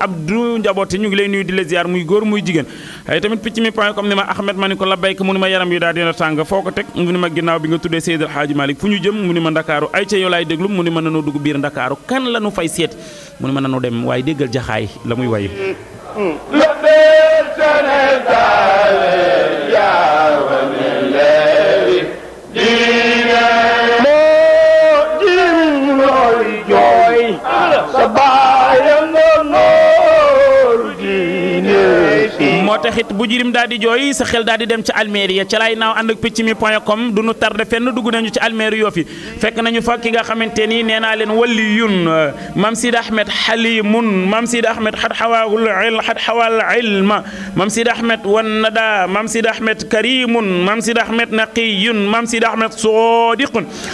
ab du ñu ngi lay nuyu di la ziar muy goor muy jigen ay tamit picci mi point comme ni ma Ahmed maniko la bay ko ni yaram yu daal dina tang foko tek teg mu ni ma ginnaaw bi nga seyd al Hadji malik fu ñu jëm mu ni ma dakaru ay ci yow lay deglu mu ni ma nañu dug biir dakaru kan la nu fay seet mu ni ma nañu dem way deggal jaxay la muy wayu Sabah moo taxit bu jirim daal di jooy sa xel daal di dem ci almeria ca laay naaw ànd ak picc mi point com du nu tardé fenn dugg nañu ci almeeri yoo fi fekk nañu fa ki nga xamante ni nee naa leen waliyun mam sid ahmed xalimun mam sid ahmed xat xawaawul il xat mam sid ahmed wan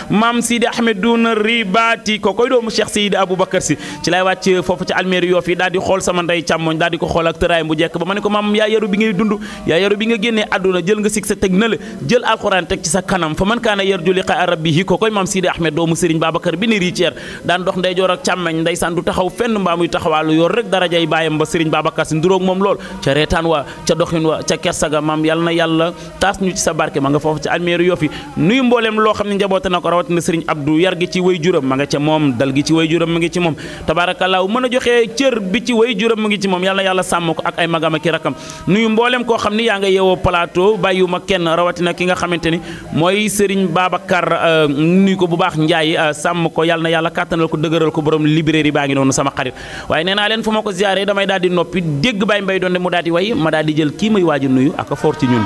mam sid ahmed duna ribaati ko koy doomu cheikh seydi aboubacar si ci laay wàcc foofu ci almeeri yoo fi daal di xool sama ndey càmmoñ daal di ko xool ak tëraay bu jekk ba ma ne ko yaru bi ngay dund ya yaru bi nga genné aduna jël nga sig tek nele jël alcorane tek ci sa kanam fa man kana yarju liqa rabbih ko koy mam Sidi Ahmed mu Serigne babakar bi ne riceer dan dox jor ak ndey san du taxaw fenn mbaa muy taxawaalu yor rek jay bayam ba Serigne babakar si nduróog mom lol ci retan wa ci doxine wa ci kersaga mam yalla na yàlla taas ñu ci sa barke ma nga fofu ci almeru yofi nuyu mbooleem loo xam ne na Serigne Abdou yar gi ci wayjuram ma nga ci mom dal gi ci wayjuram ma nga ci mom tabarakallah mën joxe bi ci wayjuram juram ma ngi ci mom yal yalla sam ko ak ay magama ki rakam nuyu mboolem koo xam ni yaa nga yeewoo plateau bàyyiwuma kenn rawatina ki nga xamante ni mooy baaba Babacar euh, nuyu ko bu baax Ndiaye euh, sàmm ko yàlla na yàlla kàttanal ko dëgëral ko borom librairie baa ngi noonu sama xarit waaye nee naa leen fu ma ko ziaree damay daal di noppi dégg Baye Mbaye doon ne mu daal di way ma daal di jël kii may waaju nuyu ak fort ci ñun.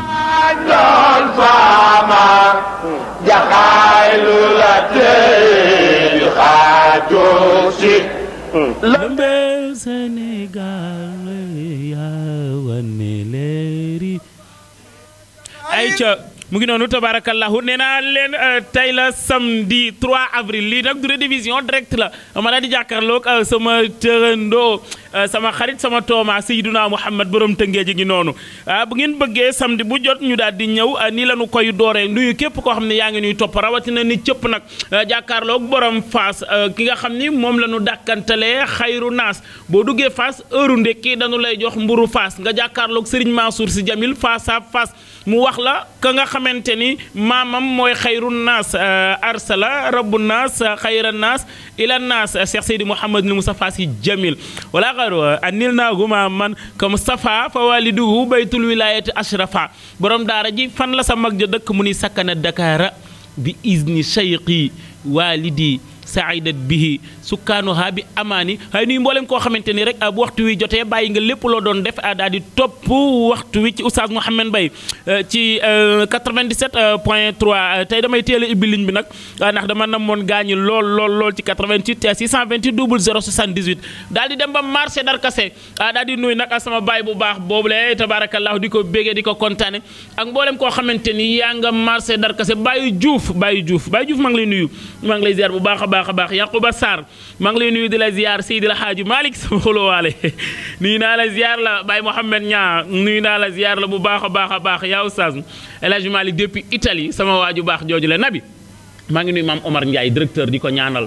Hmm. lëmbee Sénégal ba ne leeri ay ca mungkin nonu tabarakallah neena len euh, tay la samedi 3 avril li nak du rediffusion direct la mala di jàkkaarloog euh, sama terendo euh, sama xarit sama toma sayyiduna Muhammad borom tëngee ji ngi nonu bu ngeen beugé samedi bu jot ñu daal di ñëw nii la ñu koy dooree nuyu kep ko xamni ne yaa ngi ñuy topp ni cëpp nag jàkkaarloog borom fas ki nga xamni mom moom la ñu dàkkantalee xayru naas boo duggee Fass heure dañu lay jox mburu fas nga jàkkaarloog Serigne Mansour si Jamil fas, fas mu wax la ka nga xamante ni maamam mooy xayru naas euh, arsala rabbu naas xayra naas ila naas cheikh seydi mouhamadul moustapha si jamil wala xayru euh, anil naaguma man comme safa fa waliduhu baytul wilayati ashrafa borom daara ji fan la sa mag ja dëkk mu ni sakkana dakara bi izni cheikhi walidi saidat bihi sukanu habi amani hay nuy mbollem ko xamanteni rek ab waxtu wi jotey bayyi nga lepp lo doon def ada di top waxtu wi ci oustaz mohammed bay euh, ci 97.3 euh, euh, point damay teel ibi ubbi ligne bi nak nak dama namon gaañu lol lol lol ci 88 628 078 78 di dem ba marché kasse daal di nuy nak sama bay bu baax boble eh, tabarakallah diko bege diko contane ak mbollem ko xamanteni ya nga marché kasse bayu juuf bayu juuf bayu juuf mang lay nuyu mang lay ziar bu baax baax a baax Yaquba Sarr maa ngi lay nuyu di la ziar Seydil Hadji Malick sama xolowaale nuyu la ziar la Baye Mohamed Ñaa nuyu naa la ziar la bu baax a baax a baax ya oustaz El Hadji Malick depuis Italie sama waaju baax jooj la nabi maa ngi nuyu maam Omar Ndiaye directeur di ko ñaanal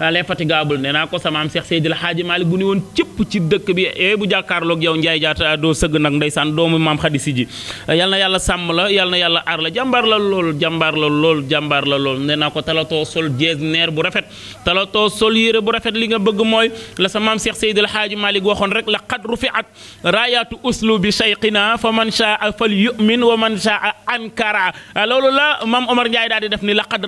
l'infatigable nee naa ko sama am Cheikh Seydil Hadji Malick bu ni woon cëpp ci dëkk bi e bu jàkkaarloog yow Njaay Jaata doo sëgg nag ndeysaan doomu maam Xadi Si ji yal na yàlla sàmm la yal na yàlla aar la jàmbaar la lool jàmbaar la lool jàmbaar la lool nee naa ko talatoo sol jees neer bu rafet talatoo sol yére bu rafet li nga bëgg mooy la sa maam Cheikh Seydil Hadji Malick waxoon rek la qad rufiat raayaatu uslubi cheyqina fa a shaa fal yumin wa man shaa ankara loolu la maam Omar Njaay daal di def ni laqad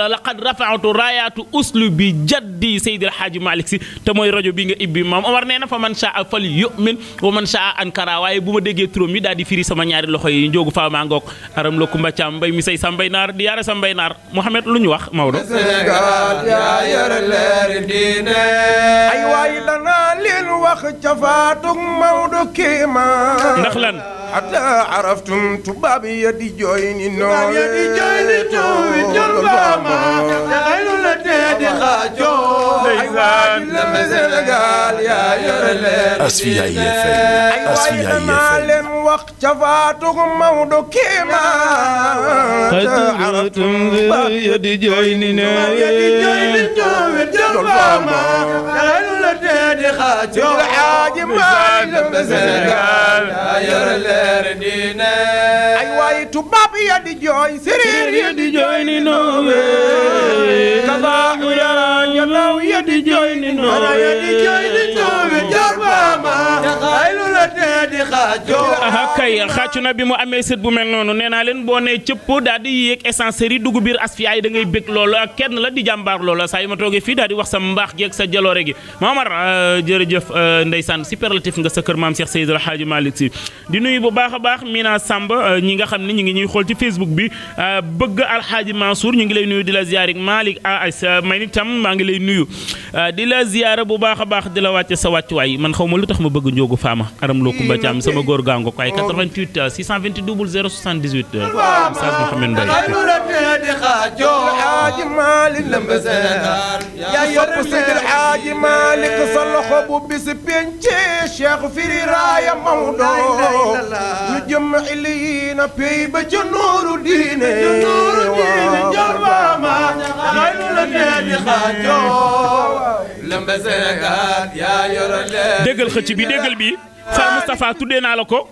wala laqad rafa'tu raayaatu uslu bi jaddi Seydi El Hadji Malick si te mooy rajo bi nga ibbi maam Omar nee na fa man saa fal yu'min wa man ankara waaye bu ma déggee turam yi daal di firi sama ñaari loxo yi njóogu faa maa ngoog aram la kumba caam mbay mi say sa mbay naar di yaara sa mbay naar Mouhamed lu ñu wax Maodo. ay waay danaa leen wax ca faatug Maodo kii ma ndax lan. حتى عرفتم تبابي يدي جويني نور تبابي يدي جويني دغيل التهدي يا يرلي يا أسفياء يا معلم واختفاتكم كيما قد عرفتم يد جويننا يد جويننا yow xaaji maay dem na Sénégal daa yore leer diine ay waaye tubaab ya di jooy séréer ya di jooy ni noowe kabaaxu ya ñalaw ya di jooy ni noowe ya di jooy ni noowe jaar baama ay lu di xaajoo kay xàccu nabi bi mu amee sët bu mel noonu nee naa leen boo nee cëpp daal di yéeg essencerie dugg biir asfiya da ngay bég loolu ak kenn la di jambar loolu saa yu ma toogee fii daal di wax sa mbaax gi ak sa jaloore gi Mamar euh, jërëjëf euh, ndeysaan superlatif nga sa kër maam Cheikh Seydil Hadji Malick Sy di nuyu bu baax a baax Mina Samb euh, ñi nga xam ne ñu ngi ñuy xool ci Facebook bi bëgg Alxaaji Mansour ñu ngi lay nuyu di la Malik, Malick as ah, man itam maa ngi lay nuyu di la ziyaara bu baax a baax di la wàcce sa wàccuwaay man xaw ma lu tax ma bëgg njoogu faama aram loo Demba Thiam sama góor gaa nga ko ay 88 628 078 Oustaz Mouhamed Mbaye xaaji Maalik lëmb Sénégal yaa sopp Seydil Xaaji Maalik sa loxo bu bisi pénce Cheikh firi raaya Mawdo ñu jëm ili yi na pey ba ca nuuru diine njorbaama xay lu la nee di xaajoo lëmb Sénégal yaa yoro leen déggal xëcc bi déggal bi Sëriñ Moustapha tuddee naa la ko.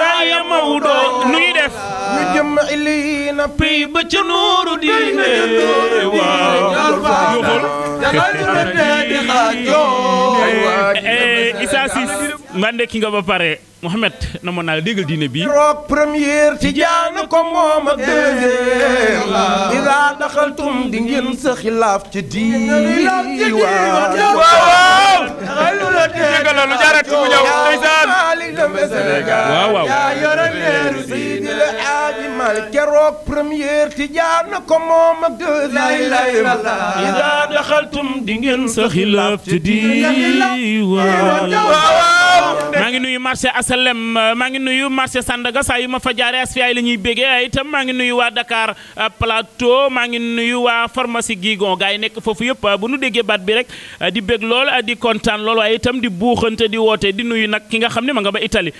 raaya Maodo nu ñuy def. ñu jëm ili na pay ba ca nooru diine waaw. ñu xool. Eh, eh, Issa Cissé. man de ki nga ba pare. Mouhamed namoon naa la déggal diine bii. roog première ci jaan ko moom ak deuxième la. Ah. idaa daxaltum di ngeen sa xilaaf ci diiwaan. waaw waaw. dégg nga loolu jaaraat fi mu ñëw ndeysaan. waaw waaw. keroog première ci jaan ko moom ak deuxième la. idaa daxaltum di ngeen sa xilaaf ci diiwaan. waaw waaw. maa ngi nuyu marché Assane. sallam maa ngi nuyu marché Sandaga a yu ma fa jaare asfiyaay la ñuy bégee itam maa ngi nuyu waa dakaar plateau maa ngi nuyu waa pharmacie Gigon gaa yi nekk foofu yëpp bu nu déggee baat bi rek di bég lool di kontaan lool waaye itam di buuxante di wootee di nuyu nag ki nga xam ne ma nga ba Italie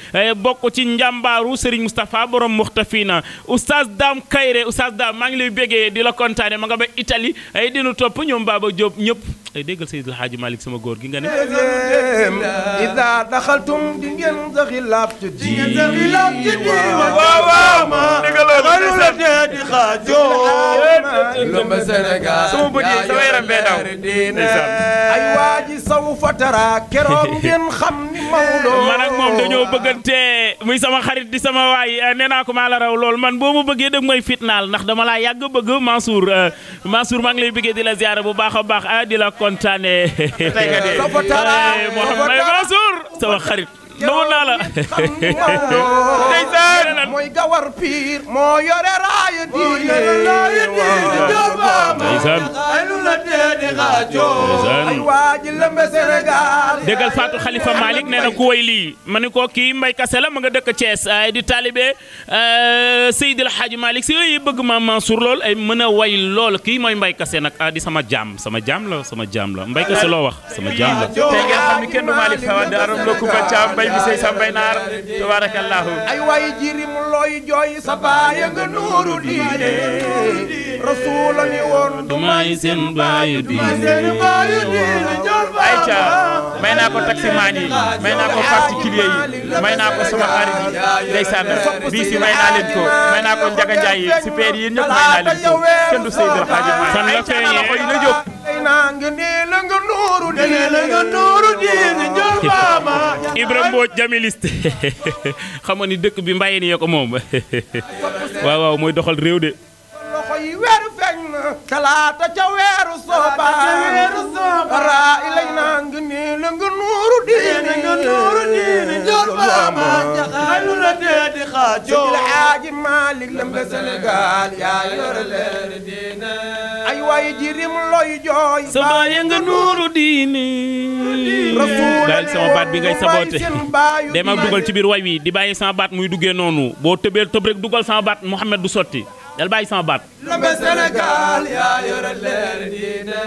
bokk ci njàmbaaru Serigne Moustapha borom muxtafina oustaz daam Kayre oustaz Dame maa ngi lay bégee di la kontaane ma nga ba itali dinu topp ñoom Baba Diop ñëpp ay déggal Seydil Hadji Malick sama góor gi nga ne laab te diiwa waaw waaw ma mënu la dee xaajoo sama bët yi sama yaram bee moom dañoo bëggante muy sama xarit di sama waay eh, nee naa ko maa la raw lool man boo ma bëggee dëgg mooy fitnaal ndax dama laa yàgg bëgg Mansour eh, Mansour maa ngi lay bëggee di la ziyaara bu baax a baax a eh, di la kontaane Mohamed Mansour sama xarit numu naa la. ndeysaan mooy gawar piir moo yore raaya diine ndeysaan ndeysaan waaji lëmbe Sénégal déggal Fatou Khalifa Malick nee na ku way lii ma ne ko kii Mbaye Kassé la ma nga dëkk Thiès ay di taalibe euh, Seydi El Hadji Malick si bëgg ma Mansour lool mën a way lool kii mooy Mbaye Kassé nag ah, di sama jaam sama jaam la sama jaam la Mbaye Kassé sama jaam la tey ngeen xam ne kenn du Malick Fawad la way bisey sambay naar tabarakallahu ay sa ca may naa ko taximaan yi may naa ko particulier yi may naa ko sama xarit yi ndeysaan si may naa leen ko may naa ko njaganjaay yi si peer yi ñëpp may naa leen ko kenn du Seydil Xaaji Maalik Ibrahima Mbodj jamiliste xam ni dëkk bi mbayeen yee ko moom waaw waaw mooy doxal réew de feñ talaata ca ay waay jirim looy jooy sabaaye nga nuuru diini daal sama baat bi ngay saboté dema dugal ci biir way wi di bàyyi sama baat muy duggee noonu boo tëbee tëb rek dugal sama baat Mouhamed du sotti dal bàyyi sama baat Sénégal yaa yore leer diine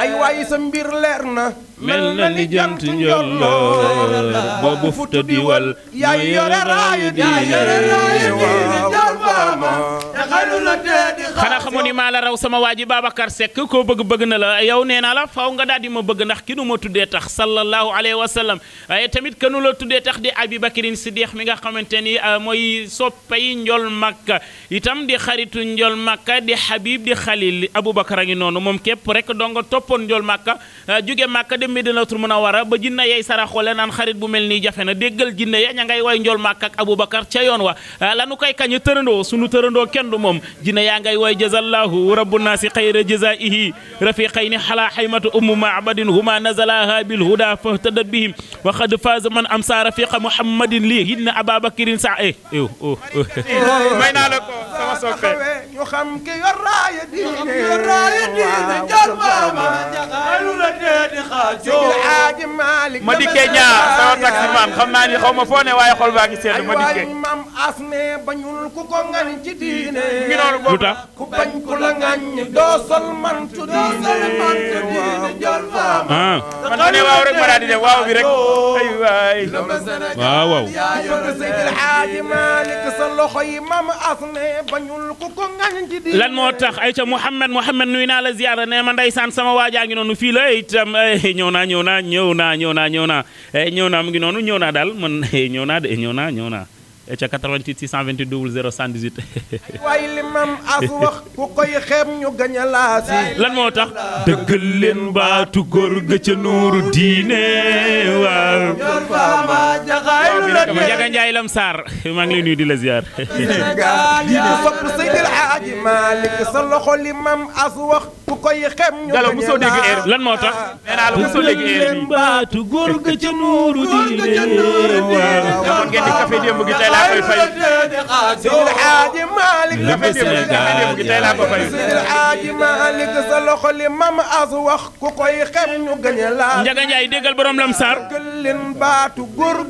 ay waay sa mbir leer na mel na ni jant njolloor boobu futa diwal yaa yore raayu diine xanaa xamoon ni maa raw sama waa ji Babacar Seck koo bëgg-bëgg na la yow nee naa la faw nga daal di ma bëgg ndax ki nu ma tuddee tax sallallahu alayhi wa sallam tamit kanu la tuddee tax di Abi Bakrin Siddiq mi nga xamante ni ah, mooy soppay njol makka itam di xaritu njol makka di Habib di xalil Aboubacar a ngi noonu moom képp rek donc toppoon njool màkka euh, jóge màkka dem Medinatul Munawara ba jinne yay saraxoole naan xarit bu mel nii jafe na déggal jinne ya ña ngay way njool màkk ak Aboubacar ca yoon wa euh, lanu koy kañu tërandoo sunu tërandoo kenn du moom jinne yaa ngay way jazallahu rabbu naasi xayra jazaihi rafiqayni xalaa xaymatu ummu maabadin huma nazalaha bil huda fahtadat bihim wa qad faaza man am sa rafiqa muhammadin lii hinna ababakirin sa e eh, eh, oh, oh. may naa la ko sama soppe ñu xam ki yor raaya diine raaya diine jar la dee di ma dikkee ñaar sama naa ni xaw ma foo ne xol baa ngi ma ah. man ma ne waaw rek ma daal di dem waaw bi rek ay waay waaw waaw aaji Malik sa loxo yi maam asme bañul ku ko ngañ ci diine lan moo tax ayca Mouhamed Mouhamed nuy naa la ziyaara nee ma ndeysaan sama waajaa ngi noonu fii la eh, itam eh, ñëw naa ñëw naa ñëw naa ñëw naa ñëw naa eh, ñëw naa mu ngi noonu ñëw naa daal man ñëw naa de ñëw naa ñëw naa ca 88 628 00 78. waaye li maam as wax ku koy xeeb ñu gañ a laasi lan moo tax dëggal leen baatu góor ga ca nuuru diine waaw. ñor faama la dee saar maa ngi lay nuyu di la ziar. diine sopp Seydil Haaji Malick sa loxo li lan moo tax. nee naa la mosoo dégg leen baatu góor ca nuuru diine waaw. koy fay Seydil Aaji Malik la fay démb tey laa ko fay Seydil Aaji Malik sa loxo li mam as wax ku koy xem ñu gëñe laa Njaga Njaay déggal borom Lamsaar gëllin baatu góor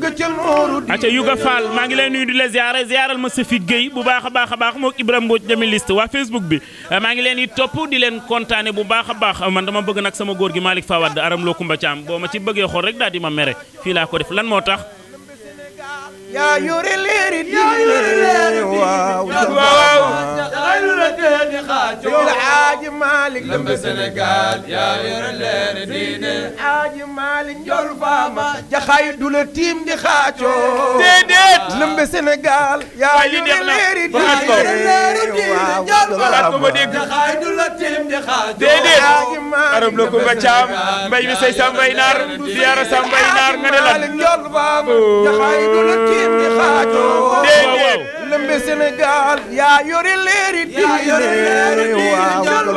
maa ngi lay nuyu di la ziyaare ziyaaral ma Safi Gueye bu baax a baax a baax mook Ibrahima Mbodj demi liste waa Facebook bi maa ngi leen di topp di leen kontaane bu baax a baax man dama bëgg nag sama góor gi Malick Fawad aram loo Kumba Caam boo ma ci bëggee xol rek daal di ma mere fii laa ko def lan moo tax يا يوري الليري يا يوري الليري واو واو خاتم العالم Aji Malick lëmbe Sénégal yaa yore leer diine Aji Malick njol faama jaxaay du la tiim di xaacoo déedéet lëmbe Sénégal yaa yore leer diine njol faama jaxaay du la tiim di xaacoo déedéet arab la ko ba caam mbay mi say sa mbay naar ziyaara sa mbay naar nga ne lan njol faama jaxaay du la tiim di xaacoo déedéet lëmbe Sénégal yaa yore leeri diine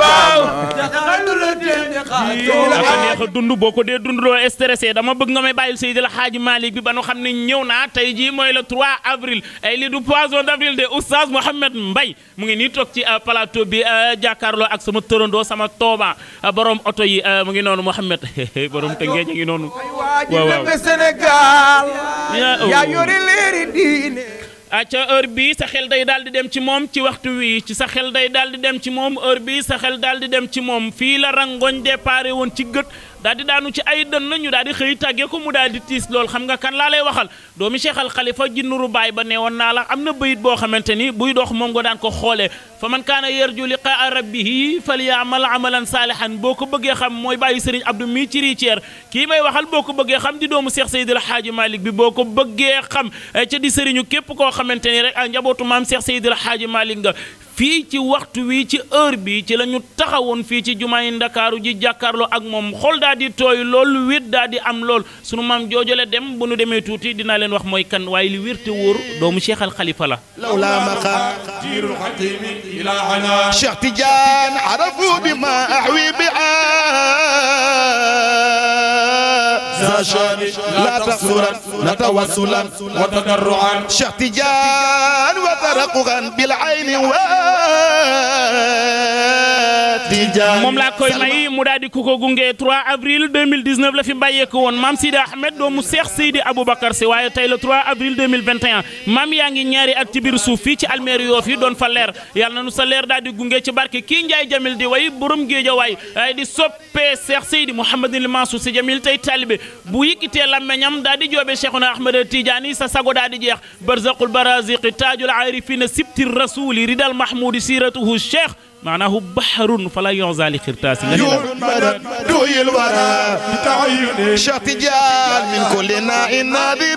waaw dafa neex a dund boo ko dee dund loo stressé dama bëgg nga may bàyyil Seydil Hadji Malick bi ba nu xam ne ñëw naa tey jii mooy le 3 avril ay lii du poisson d'avril de Oustaz mu ngi nii toog ci euh, plateau bi euh, jàkkaarloo ak sama tërëndoo sama tooba euh, borom oto yi mu ngi noonu Mouhamed borom te ngi noonu yaa oh. yore leeri diine Ah, ca heure bii sa xel day daal di dem ci moom ci waxtu wii ci sa xel day daal di dem ci moom heure bii sa xel daal di dem ci moom fii la rangoñ déparé woon ci gët daal daanu ci ay deun nañu daal xëy tagge ko mu daal di tiis lool xam nga kan la lay waxal doomi Cheikh Al Khalifa jinnuru bay ba neewoon na la amna beuyit bo xamanteni buy dox mom go daan ko xole fa man kaana yarju liqaa rabbih falyamal amalan salihan boko beugé xam moy bàyyi Serigne Abdou mi ci Riceer ki may waxal boko beugé xam di doomu Cheikh Seydil haji malik bi boko beugé xam ci di serigne kep ko xamanteni ni rek njabotu mam Cheikh Seydil Hadji Malick nga fii ci waxtu wi ci heure bi ci lañu ñu taxawoon fii ci yi ndakaaru ji jàkkaarloo ak moom xool daa di tooy lool wét daa di am lool sunu maam joojole dem bu nu demee tuuti dinaa leen wax mooy kan waaye li wér te doomu Cheikh Al Khalifa la lawla maqa jiirul xatimi ilahana Cheikh Tidiane arafu bi ma ahwi bi لا تقصرا نتوسلا وتضرعا moom laa koy may mu daal di ku ko gunge 3 avril 2019 la fi bàyyeeku woon maam Sidi Ahmed doomu Cheikh Seydi Aboubacar si waaye tey la 3 avril 2021 maam yaa ngi ñaari at ci biir suuf fii ci almeer yoo fi doon fa leer yàlla na nu sa leer daal di gunge ci barke kii Njaay Jamil di way borom géejawaay ay di soppee Cheikh Seydi Mouhamadul Mansour si Jamil tey taalibe bu yëkkitee lammeñam daal di joobee Cheikhuna Ahmed Tidiane sa sago daal di jeex barzaqul baraziqi taajul aarifina sibti rasuli ridal mahmud محمود سيرته الشيخ معناه بحر فلا يعزى لخرتاسي شتجال من كل نائن نادرين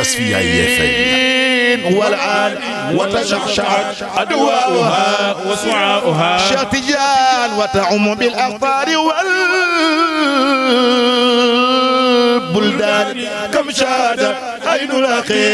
أسفياء والعال وتشعشعت أدواؤها وسعاؤها شتجال وتعم بالأخطار والبلدان كم شادت عين الأخي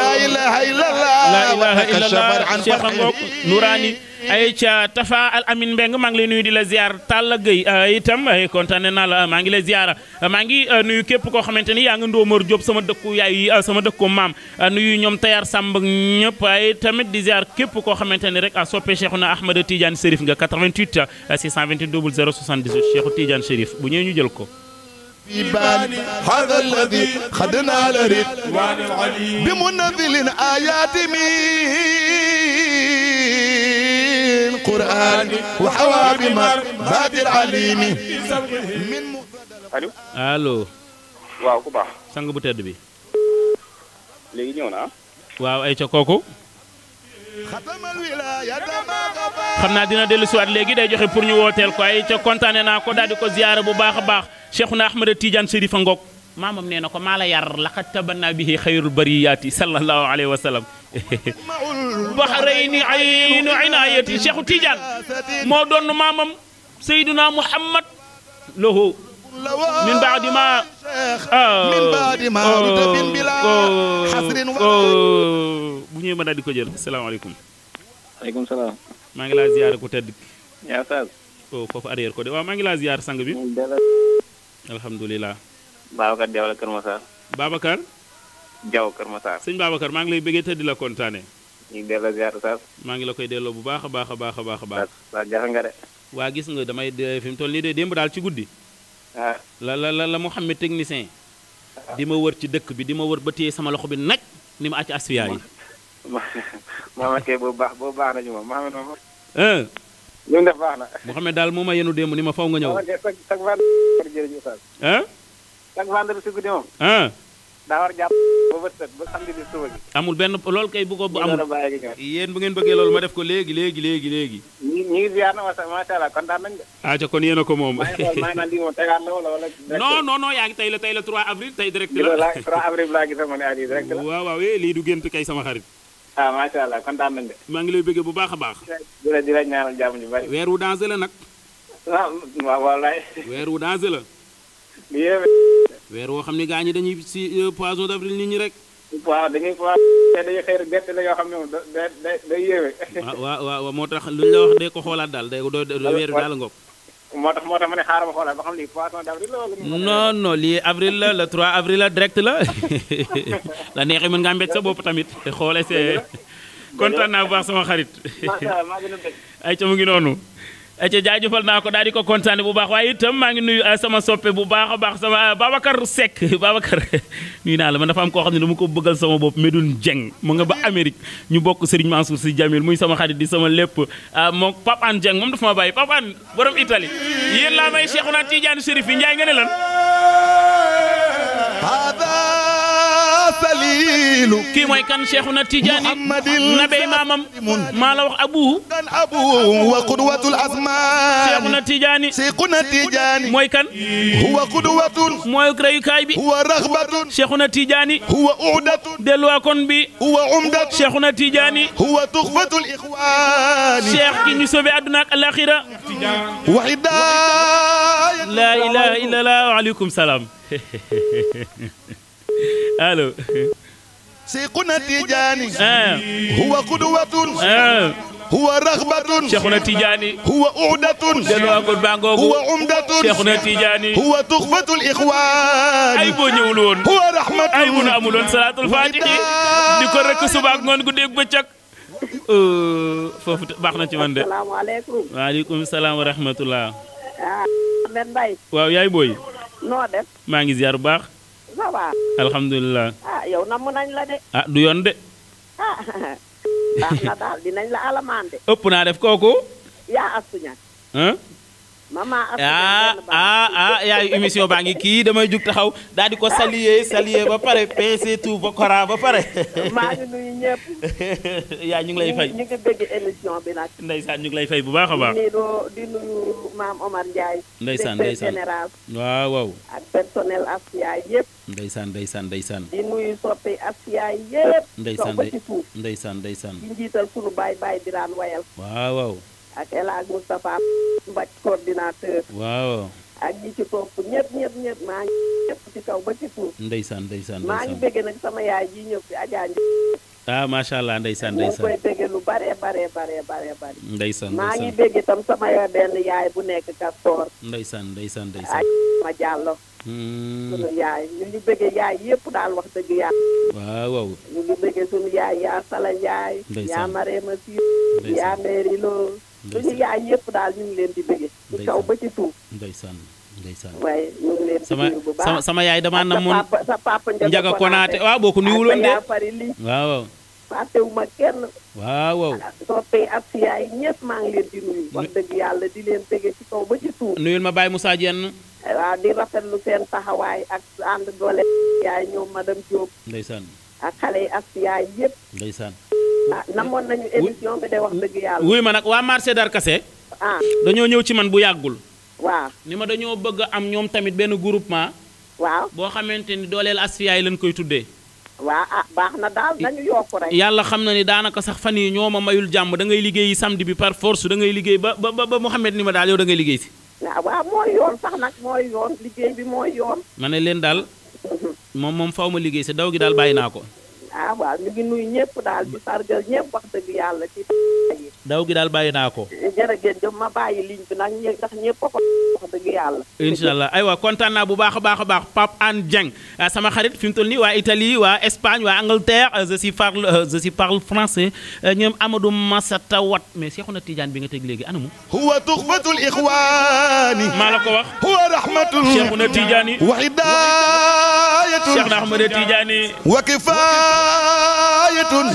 لا إله إلا الله لا إله إلا الله Cheikh Ngok ca Tafa Al Mbeng maa ngi nuyu di la ziar Talla Gueye ah, tam ay ah, kontaane naa la ah, maa ngi lay ziar maa ngi nuyu képp koo xamante ni yaa nga Ndoomoor Jóob sama dëkku yaay sama dëkku maam nuyu ñoom Tayar Samb ñëpp ay tamit di ziar képp koo xamante ni rek a soppe Cheikhuna Ahmada Tidiane Chérif nga 88 628 0078 Cheikhu Tidiane Chérif bu ñëwee ñu jël ko في بالي هذا الذي خدنا لرضوان العلي بمنزل آيات من قرآن وحوى بمرضات العليم من allo allo waaw ku baax sang bu tedd bi léegi ñëw naa waaw xam naa dina dellu siwaat léegi day joxe pour ñu wooteel ko ay ca kontaane naa ko daal di ko ziyaara bu baax a baax Cheikhuna a Tidiane Serifa Ngok maamam nee na ko maa la yar laqad tabanna bihi xayrul bariyaati sallallahu alayhi wa sallam baxrayni aynu inaayati Cheikhu Tidiane moo doon maamam Seydina Muhammad loxo من بعد ما من بعد ما رتب بلا حسر bu ñëwee ma daal di ko jël salaamaaleykum. aleykum salaam. maa ngi laa ziyaar ku tedd. yaa oh, maa ngi laa ziyaar sang bi. alhamdulilah. Babacar Diaw la Kër Masar. Babacar. Diaw Kër Masar. sëñ Babacar maa ngi lay bëggee tëdd la kontaane. ñu maa ngi la koy delloo bu baax a baax a baax a baax a baax. waaw jafe nga de. waa gis nga damay fi mu toll nii de demb daal ci guddi. la la la la Mouhamed technicien. di ma wër ci dëkk bi di ma wër ba téye sama loxo bi nag ni ma àcc asfiya yi. Mouhamed kay boobu baax boo baax nañu moom Mouhamed moom. li mu def baax na. Mouhamed daal moo ma yenu démb ni ma faw nga ñëw. ah. daa war jàpp ba bët amul benn loolu kay bu ko bu amul yéen bu ngeen bëggee loolu ma def ko léegi léegi léegi léegi. ñi ñi ngi ziar allah kontaan nañu de. aaca kon yéen ko moom. maa ngi xool maa ngi naan lii moom tegaat na non non non yaa ngi tey la tey la 3 avril tey direct la. 3 avril laa gis waaw waaw eh, lii du gént kay sama xarit. ah macha maa ngi lay bëggee bu baax a baax. di la di la ñaanal jàmm ju bari. weer wu danger la nag. Ah, waaw waaw weer wu danger la. weer woo xam ne gaa ñi dañuy si euh, poisson d'avril nit ñi rek. dañuy poisson dañuy xëy gerte la yoo da da day waaw waaw moo tax luñ la wax day ko xoolaat daal day doo weer bi daal ngoog. moo tax moo tax ma ne xaaral ma xoolal ba xam lii poisson d'avril la wala. lii avril la le 3 avril la direct la la neexee mën ngaa mbéj sa bopp tamit te xoolee see kontaan naa bu baax sama xarit. ay ca mu ngi noonu. Eh, ci jaajëfal naa ko daal ko kontaane bu baax waye tam ma ngi nuyu eh, sama soppe bu baax baax sama eh, babakar sek babakar nuyu na la man dafa am ko xamni dama ko beugal sama bop medun jeng, mo nga ba amerique ñu bokk Serigne Mansour Sy jamil muy sama xarit di sama lepp mo Papane jeng, mom dafa ma baye Papane borom italy yéen la may Cheikhouna Tidiane Chérif yi nga ne lan ki moy kan Cheikhuna Tidiane nabe mamam maa la wax abu wa Azm. Rahman Seexuna Tijaani Seexuna Tijaani mooy kan huwa qudwatun mooy reyukaay bi huwa raghbatun Seexuna Tijaani huwa u'datun delluwaakoon bi huwa umdatun Seexuna Tijaani huwa tuxfatul ixwaani Seex ki ñu sauvé àdduna ak alaaxira wa hidaaya laa ilaaha illallaah waaleykum salaam allo Seexuna Tijaani ah. huwa qudwatun ah. huwa raxbatun Cheikhuna Tidiane huwa uxdatun delloo ko bàngoogu huwa umdatun ay boo ñëwul woon ay bu amul woon salaatul faatixi di ko rek subaak ngoon gu dégg bëccëg foofu baax na ci man de ah, waaw yaay booy maa ngi ziar bu baax ça va alhamdulilah ah yow la de ah du de ah, baax na daal dinañ la alamaan de. ëpp naa def kooku. yaa astuña. Ah, ah ah ah yaayu émission baa ngi kii damay jug taxaw daal di ko saluer saluer ba pare pincé tout ba kora ba pare. maa ngi nuyu ñëpp. yaa ñu ngi lay fay ñu ngi bëgg émission bi nag. ndeysaan ñu ngi lay fay bu baax a baax. di nuyu maam Omar Ndiaye. ndeysaan ndeysaan général. waaw waaw. ak personnel Asfiya yëpp. ndeysaan ndeysaan ndeysaan. di nuyu soppi Asfiya yëpp. ndeysaan ndeysaan ndeysaan. njiital sunu baay baay di daan wayal. waaw waaw. ak El Hadj Moustapha Mbaj ak ñi ci topp ñëpp ñëpp ñëpp maa ngi ñëpp ci kaw ba ci suuf. ndeysaan ndeysaan maa ngi bëgg nag sama yaay ji ñëpp di Adja ah macha allah ndeysaan ndeysaan mu ngi koy bëgg lu bare bare bare bare bare. ndeysaan maa ngi bëgg sama yor bu nekk Castor. ndeysaan ndeysaan ndeysaan. ak ma jàllo. sunu yaay ñu ngi bëgg yaay yëpp daal wax dëgg yaay. waaw waaw. ñu Sala Ndiaye. ndeysaan yaa Marème Sy. ndeysaan yaa suñu yaay ñëpp daal ñu leen di bëgge ba ci suuf sama sama yaay damaa namoon sa papa Njaga Konaate waaw boo ko ma kenn waaw waaw ah, soppee ak si maa ngi leen di nuyu wax yàlla di leen bëgge ci kaw ba ci suuf nuyul ma Baye Moussa Dieng waaw di rafet lu seen taxawaay ak ànd doole yaay ñoom madame Diop ndeysaan ak xale yi ak si yaay yëpp ndeysaan ah namoon nañu émission wax dëgg wuy ma nag waa marché Darkase. ah dañoo ñëw ci man bu yàggul. waa ni ma dañoo bëgg am ñoom tamit benn groupement. waaw boo xamante ni dooleel asfiyaay lañ koy tuddee. waaw ah baax na daal nañu yokk rek. yàlla xam na ni daanaka sax fan yi ñoo ma mayul jàmm da ngay liggéey samedi bi par force da liggéey ba ba ba Mouhamed ni ma daal yow da liggéey si. Ah, waaw mooy yoon sax nag mooy yoon liggéey bi mooy yoon. ma ne leen daal mhm. moom moom faw ma liggéey si daw gi daal bàyyi naa ko. ah waaw ñu ngi nuyu ñëpp daal di sargal ñëpp wax dëgg yàlla ci yi daw gi daal bàyyi naa ko jërëjëf jëf ma bàyyi liñ bi nag ñë ndax ñëpp ko wax dëgg yàlla incha allah aywa kontaan naa bu baax a baax a baax Pape An Dieng ah, sama xarit fi mu toll nii waa Espagne waa Angleterre ah, je ah, parle français ñoom Amadou Massata mais Seexuna Tijaan bi nga teg léegi anamu huwa tuxfatul ixwaani maa la ko wax huwa rahmatul Seexuna Tijaan yi wa hidaayatul Seexuna Ahmada Tijaan yi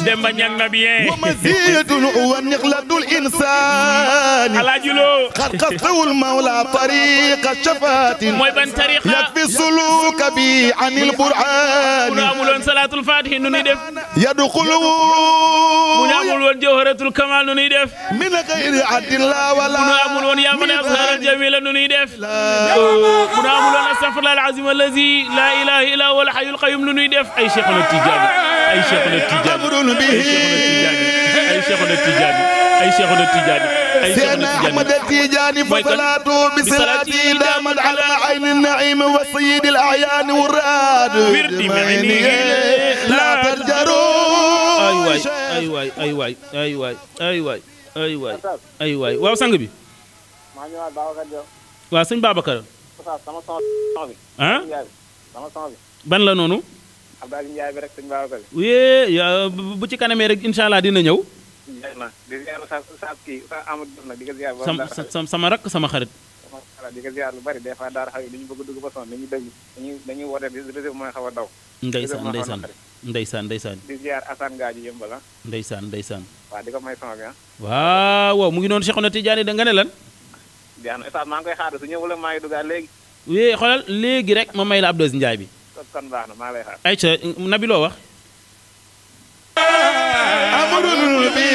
demba ñang na bien wa maziyatun wa niqlatul insani alajilo qad qatawul mawla tariqa shafatin mooy ban tariqa yakfi suluka bi anil burhan ñu amuloon salatul fatih nu ñuy def yadkhulu mu ñu amul woon jawharatul kamal nu ñuy def min ghayri adilla wala mu ñu amul woon ya man azhara jamila nu ñuy def mu ñu amul woon astaghfirullah alazim allazi la ilaha illa huwa alhayyul qayyum nu ñuy def ay cheikh al tijani ay Cheikhuna Tidiane ay Cheikhuna Tidiane ay Cheikhuna Tidiane ay Cheikhuna Tidiane mooy kan bi salaati daamat ala ayni naim wa sayyid al a'yan wa raad wirdi ma'ini la tarjaru ay waay ay waay ay waay ay waay ay waay ay waay ay waay waaw sang bi maa ñëwaat Babacar Diop waaw sëñ Babacar ah ban la noonu Abdoulaye Ndiaye bi rek suñu baax a bu ci kanamee rek incha allah dina ñëw. sama sama rakk sama xarit. di ko ziar lu bari des fois daara xaw yi dañu bëgg dugg ba son dañuy déglu dañuy dañuy woote bi réseau mooy xaw a daw ndeysaan ndeysaan ndeysaan ndeysaan di ziar Assane Gadji yëmbala ah. ndeysaan ndeysaan waaw di ko may son bi ah waaw mu ngi noonu Cheikhouna na da nga ne lan jeex na maa ngi koy xaar su ñëwula maa ngi duggaat léegi wée xoolal léegi rek ma may la Abdou Ndiaye bi kon baax na maa lay xaar. ayca nabi loo wax. amadou bi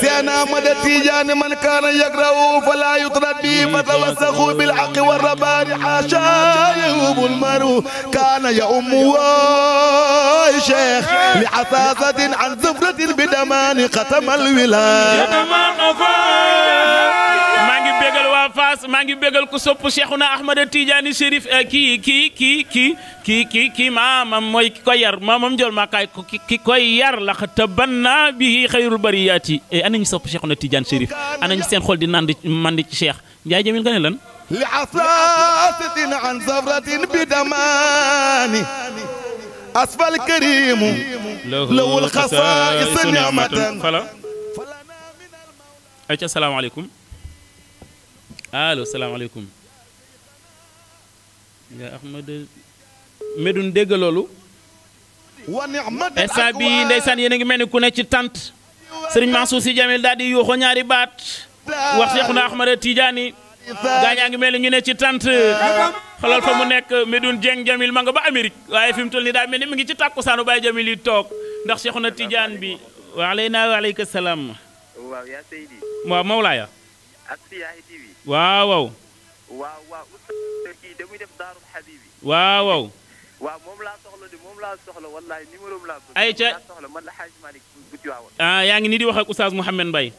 seen amada tijaani man kaana yagraw fala yutrat bi fatawassaxu bil aqi wa rabaani xaashaayahumul maru kaana ya ummu waay cheikh li asaasatin an zufratin bi damaani xatamal wilaaya بغل وفاس مانجي بغل كوسوب شيخنا احمد تيجاني شريف كي كي كي كي كي كي كي ما موي كوير ما مام جول ما كي كي كوير لا تبنى به خير البريات اي انا ني سوب شيخنا تيجان شريف انا ني سين خول دي ناند مان دي شيخ جاي جميل كاني لان لعصاصة عن زفرة بدماني أسفل كريم لو الخصائص نعمة فلا السلام عليكم allo salaamaaleykum yaa Ahmad Medoune dégg loolu instant bi ndeysaan yéen a ngi mel ni ku ne ci tànt sëriñ Mansour si Djamil daal di yuuxu ñaari baat wax Seexuna Ahmada Tijaani gaañaa ngi mel ni ñu ne ci tànt xalal fa mu nekk Medoune Dieng Djamil ma nga ba Amérique waaye fi mu toll nii daa mel ni mu ngi ci tàkku saanu Djamil yi toog ndax seexu na tiijaan bi waaleyna wa aleyka salaam waaw yaa Seydi waaw ak Siyahi TV. waaw waaw. waaw waaw def Daarul Habibi. waaw waaw. waaw moom laa soxla di moom laa soxla wallaahi numéro laa. ayca laa soxla man la Hadj Malick bu Tiwaawoon. ah yaa ngi nii di wax ak oustaz Mouhamed Mbaye.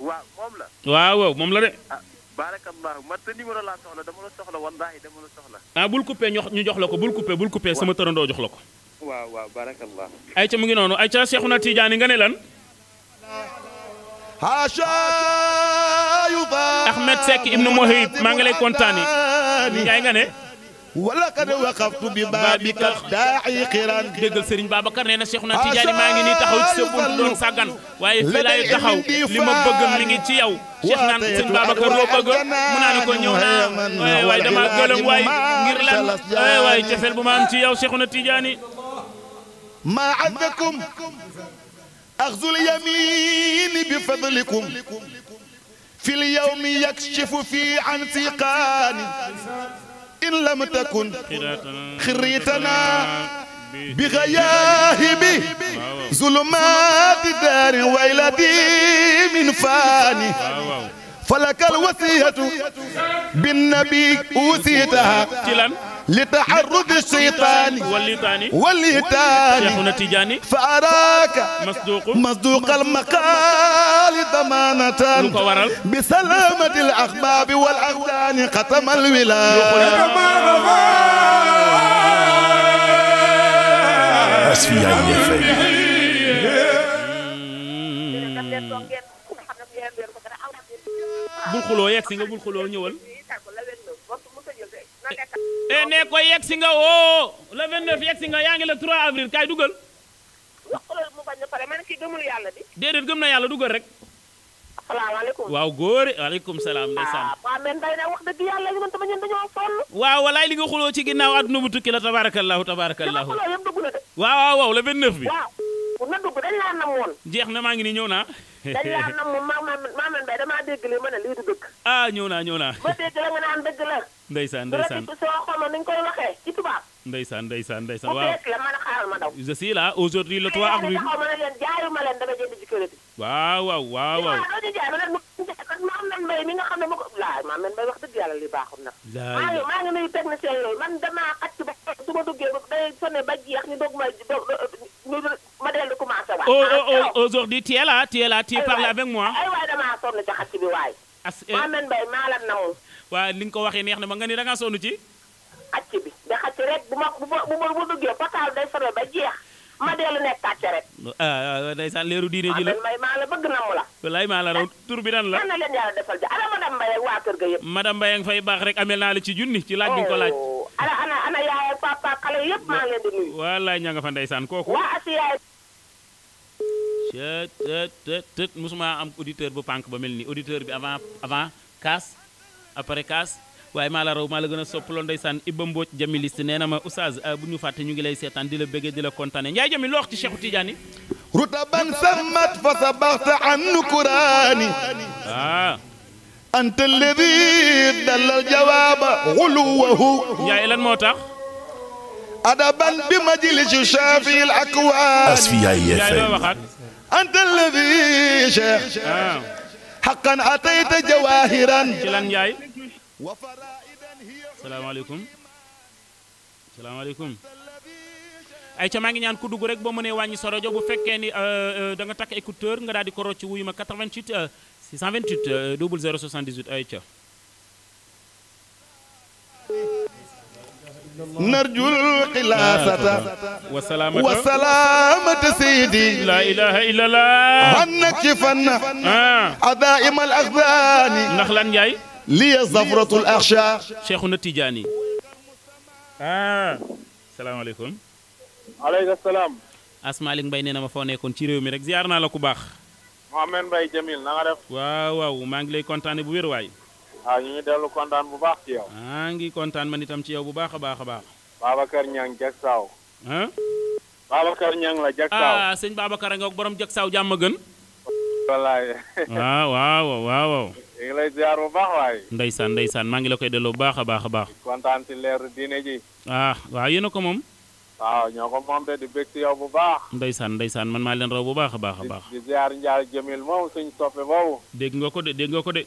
waaw moom la. waaw waaw moom la de. ah barakallahu man sa numéro laa soxla dama la soxla wallaahi dama la soxla. ah bul coupé ñu jox la ko bul coupé bul coupé sama tërandoo jox la ko. waaw waaw barakallahu. ayca mu ngi noonu ayca Seexuna Tijaani nga ne lan. Ahmed Seck ibnu Mohib maa ngi lay kontaane yaay nga ne wala kad waqaftu bi babika da'i qiran déggal Serigne Babacar nee na Cheikhuna Tidiane maa ngi nii taxaw ci sa bunt doon sàggan waaye fi laay taxaw li ma bëgg mi ngi ci yow Cheikh naan Serigne Babacar loo bëgg mu naan ko ñëw naa waaye dama gëlëm waay ngir lan waaye cofeel bu ma am ci yow Cheikhuna Tidiane ma adakum أخذوا اليمين بفضلكم في اليوم يكشف في عن ثقان إن لم تكن خريتنا بغياهب ظلمات دار ويلتي من فاني فلك الوصية بالنبي أوصيتها لتحرك الشيطان والليتان فأراك مصدوق مصدوق المقال ضمانة بسلامة الأخباب والأغدان ختم الولاية أسفياء يفعل bul xuloo yegg si nga bul xuloo ñëwal. Eh, ne ko yegg si nga woo le 29 yegg si nga yaa ngi le 3 avril kaay dugal. déedéet gëm na yàlla dugal rek. asalaamaaleykum waaw góore waaleykum salaam ndeysaan. Ah, waaw man day na wax dëgg yàlla ñu man tamit waaw walaay li nga xuloo ci ginnaaw àdduna bu tukki la tabaarakallahu tabaarakallahu. waaw waaw waaw le bi. jeex na maa ngi ni ñëw naa. dañ laa nam mu ma Maamane Mbaye damaa dégg lii ma ne lii du dëgg ah ñëw naa ñëw naa ma dégg la nga naan dëgg la ndeysaan ndeysaan bu la soo xamoon ni ñu koy waxee ci tubaab ndeysaan ndeysaan ndeysaan waaw ku la mën a xaaral ma daw je suis là aujourd'hui le 3 avril xaw ma ne leen jaayu ma leen dama jënd ci kër bi waaw waaw waaw waaw doñu jaay ma leen Maamane Mbaye mi nga xam ne ma ko laa Maamane Mbaye wax dëgg yàlla li baaxul nag waaye maa ngi nuyu technicien yooyu man damaa xacc ba su ma duggee day sonné ba jeex ñu doog ma ma dellu oh, oh, oh, aujourd'hui, tu es là, tu es là, tu parles avec moi. As, euh, wa ni ko waxe neex na ma nga ni da nga sonu ci acc bi da xati rek buma buma bu duggé fatal day solo ba jeex ma delu nek acc rek ah, ah ndaysan leeru diine ji la may ma bëgg namu la wallahi ma raw tour bi dan la ana len yalla defal ji ana madam baye wa kër ga yeb madam baye fay bax rek amel na la ci junni ci laaj bi ko laaj oh, ana ana ana yaay papa xalé yeb ma ngi leen di nuyu wallahi ñanga fa ndaysan koku wa asiyaay tët tët am auditeur bu pànk ba mel nii auditeur bi avant avant kaas après kaas waaye maa la raw maa la gën a soppaloo ndeysaan Ibba Mbodj jamiliste nee na ma oustaz euh, bu ñu fàtte ñu ngi lay seetaan di la bëggee di la kontaane Ndiaye Jamil loo wax ci Cheikhu Tidiane rutaban sammat fa sabaxta an nukuraani ah anta alladi dalal jawaaba xuluwahu Ndiaye lan moo tax adaban bi majlisi shaafi al akwaan Asfiyahi FM anta alladi cheikh xaqan atayta jawahiran ci lan yaay salaamaaleykum salaamaaleykum ay ca maa ngi ñaan ku dugg rek boo mënee wàññi sa rajo bu fekkee ni euh, euh, da nga takk écouteur nga daal di ko rocc wuyu ma 88 628 0078 ay ca نرجو القلاسة وسلامة وسلامة سيدي لا إله إلا الله النكفة آه. عذائم الأخذان نخلان جاي لي زفرة الأخشى شيخنا تجاني آه. السلام عليكم عليك السلام أسمع لك بيني نما فوني كون تيريو ميرك زيارنا لكو باخ مامين باي جميل نعرف واو واو مانجلي كونتاني بوير واي waaw ñu ngi dellu kontaan bu baax ci yow. maa ngi kontaan man itam ci yow bu baax a baax a baax. Babacar ah. Babacar Niang la Jack ah sëñ Babacar nga borom Jack Saw gën. wallaay. waaw waaw waaw waaw. ngi lay ziar bu baax waay. ndeysaan ndeysaan maa ngi la koy delloo bu baax a baax a baax. kontaan ci diine ji. ah waaw iya yéen ko moom. waaw ñoo ko moom de ah, di bég ci yow bu baax. man maa leen raw bu baax a baax a baax. di ziar Ndiaye Jamil moom suñ soppe boobu. dégg nga ko de dégg nga ko de.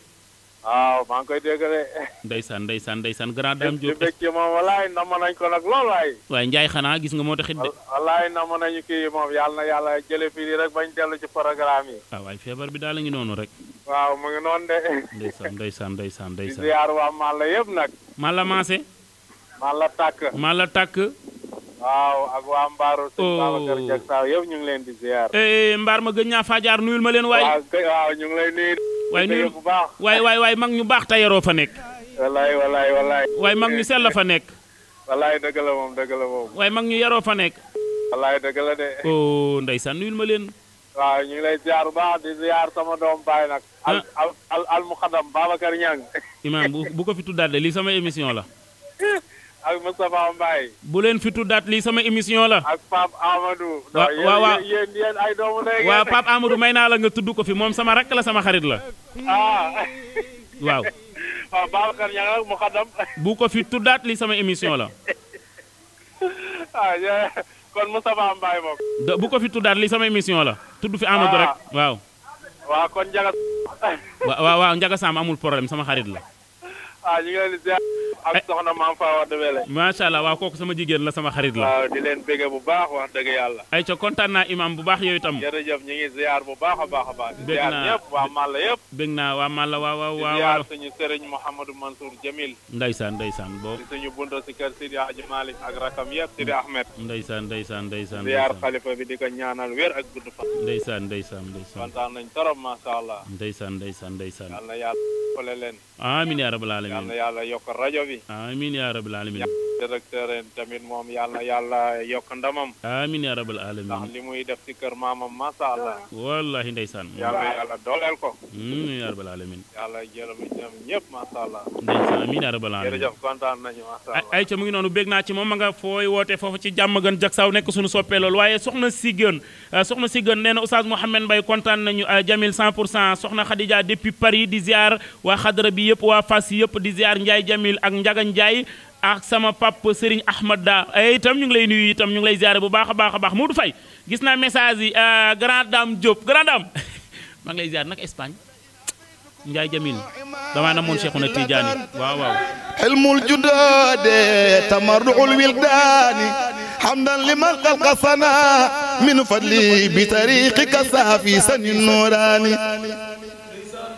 waaw maa ngi koy dégg de. ndeysaan ndeysaan ndeysaan grand dame Diop. dégg ci moom walaay namm nañ ko nag lool waay. waaye Ndiaye xanaa gis nga moo taxit de. walaay namm nañu kii moom yàlla na yàlla jële fii rek bañ dellu ci programme yi. Ah, waaw feebar bi daal la ngi noonu rek. waaw mu ngi noonu de. ndeysaan ndeysaan ndeysaan ndeysaan. di ziar waa Malla yëpp nag. Malla Maase. Malla Takk. Malla Takk. waaw ak waa Mbaaru sëñ oh. Babacar Diack Sow yëpp ñu ngi leen di ziar. Eh, eh, mbaar ma gën ñaa faajaar nuyul ma leen waaye. waaw ñu lay waay baax waay waay waaye mag ñu baax te yaroo fa nekk. wallaay wallaay wallaay. waay mag ñu sell fa nekk. wallaay dëgg la moom dëgg la moom. waay mag ñu yaroo fa nekk. wallaay dëgg la de. oh ndeysaan nuyul ma leen. waaw ñu ngi lay ziar baax di ziar sama doom baay nag. al ah. al al muxadam Babacar Niang. imaam bu ko fi tuddaat de lii sama émission la. ak Moustapha Mbaye bu leen fi tuddaat lii sama émission la ak Pape Amadou waaw waaw yéen yéen ay doomu ndey waaw Pape Amadou may naa la nga tudd ko fi moom sama rakk la sama xarit la ah Wow. waaw Babacar Niang nag mu xadam bu ko fi tuddaat lii sama émission la ah kon Moustapha Mbaye moom bu ko fi tuddaat lii sama émission la tudd fi Amadou ah. rek waaw waaw kon Njaga waaw waaw Njaga Sam amul problème sama xarit la ah ñu ngi leen di ziar ak eh. soxna maam faa wax macha allah waaw kooku sama jigéen la sama xarit la waaw di leen bégge bu baax wax dëgg yàlla ay ca kontaan naa imam bu baax yooyu tam jërëjëf ñu ngi ziar bu baax a baax a baax bég naa ñëpp waa màlla yëpp bég naa waa màlla waaw waaw waaw ziar suñu sëriñ Mouhamadou Mansour Jamil ndeysaan ndeysaan bo di suñu bunta si kër Sidi Hadji Malick ak rakam yëpp Sidi Ahmed ndeysaan ndeysaan ndeysaan ziar xalifa bi di ko ñaanal wér ak gudd fa ndeysaan ndeysaan ndeysaan kontaan nañ torop macha allah ndeysaan ndeysaan ndeysaan yàlla yàlla alamin yal na yàlla yokk rajo bi. amiin yaa rabbal alamin. directeur tamit moom yal na yàlla yokk ndamam. amiin yaa rabbal alamin. ndax li muy def ci kër maamam macha allah. wallaahi ndeysaan. yal na yàlla dooleel ko. amiin yaa rabbal alamin. yàlla jërëm itam ñëpp macha allah. ndeysaan amiin yaa rabbal alamin. jërëjëf kontaan nañu macha allah. ay ca mu ngi noonu bég naa ci moom ma nga fooy woote foofu ci jàmm gën jak nekk suñu soppee loolu waaye soxna si gën ah, soxna si ah, depuis Paris di ziar waa xadra bi yëpp waa Fass yëpp di ziar Ndiaye Jamil ak Njaga Ndiaye ak sama pap Serigne Ahmad Da eh, itam ñu ngi lay nuyu itam ñu ngi lay ziar bu baax a baax a baax gis naa message yi euh, grande dame Diop grande dame lay ziar nag Espagne Ndiaye Jamil damaa namoon Cheikhuna Tidiane waaw waaw xilmul judaade tamarruul wildaani hamdan liman xalqa sana min fadli bi tariqika saafi sani nuuraani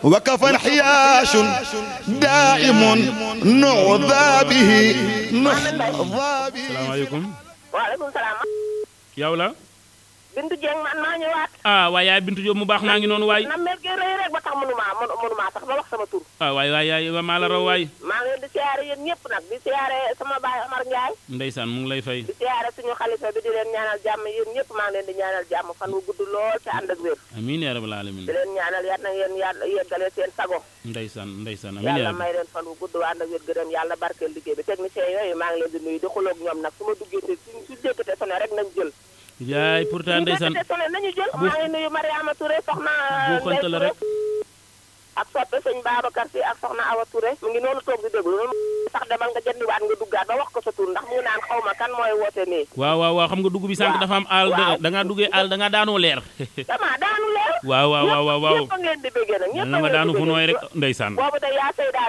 وكفى الحياش دائم نعذى به نحظى به السلام عليكم وعليكم السلام يا ولا Bintu Dieng man maa ñëwaat. ah waaye yaay Bintu Diop mu baax maa ngi noonu waay. na mel gi rëy rek ba tax mënu maa tax ba wax sama tur. ah waay waay yaay maa la raw ngi leen di siyaare yéen ñëpp nag di siyaare sama baay Amar Ndiaye. mu ngi lay fay. di siyaare suñu xalifa bi di leen ñaanal jàmm yéen ñëpp maa ngi leen di ñaanal jàmm fan wu gudd lool te ànd ak wér. amiin yaa rabbal aalamiin. di leen ñaanal yal na yéen yàlla yeggale seen sago. ndeysaan ndeysaan amiin yàlla may leen fan wu gudd ànd ak wér gërëm yàlla barkeel liggéey bi technicien yooyu maa jël yaay pourtant ndeysaan bu buuxante euh, la rek. ak soppe sëñ Babacar si ak soxna Awa Touré mu ngi noonu toog di déglu loolu sax demal nga jënd waat nga duggaat ba wax ko sa tur ndax mu naan xaw ma kan mooy woote nii. waaw waaw waaw xam nga dugg bi sànq dafa am aal da ngaa duggee aal da ngaa daanoo leer. dama daanu leer. waaw waaw waaw waaw ñëpp ngeen di bëggee nag. ñëpp ngeen di bëggee daanu fu nooy rek ndeysaan. boobu de yaa Seydaa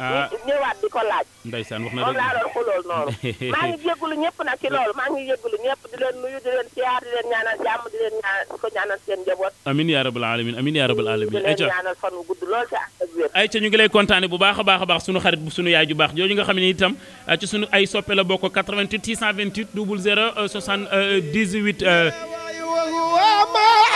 ah ñu ñëwaat di ko laaj. ndeysaan wax na dëgg moom laa doon xulool noonu. maa ngi jégalu ñëpp nag ci loolu maa ngi jégalu ñëpp di leen nuyu di leen siyaar di leen ñaanal jàmm di leen ñaanal di ko ñaanal seen njaboot. amiin rabbal alamin amiin yaa rabbal alamin. ayca di ñu ngi lay kontaane bu baax a baax a baax sunu xarit bu sunu yaay ju baax jooju nga xam ne itam ah, ci sunu ay soppe la bokk 88 628 00 78.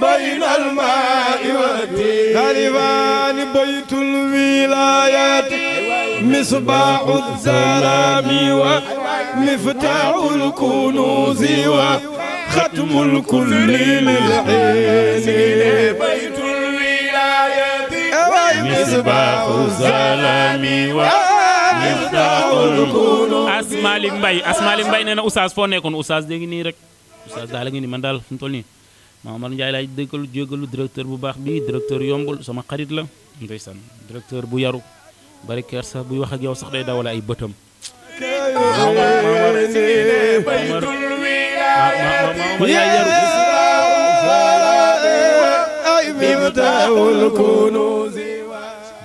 بين الماء والدين غريبان بيت الولايات مصباح الظلام ومفتاح الكنوز وختم الكل للحين بيت الولايات مصباح الظلام ومفتاح الكنوز اسمع لي مباي اسمع لي مباي نانا استاذ فون نيكون استاذ ديغي رك استاذ دالغي ني مان دال نتولني Maamar Ndiaye laay déggalu jéggalu directeur bu baax bi directeur yombul sama xarit la ndeysaan directeur bu yaru bari kër sax buy wax ak yow sax day dawale ay bëtam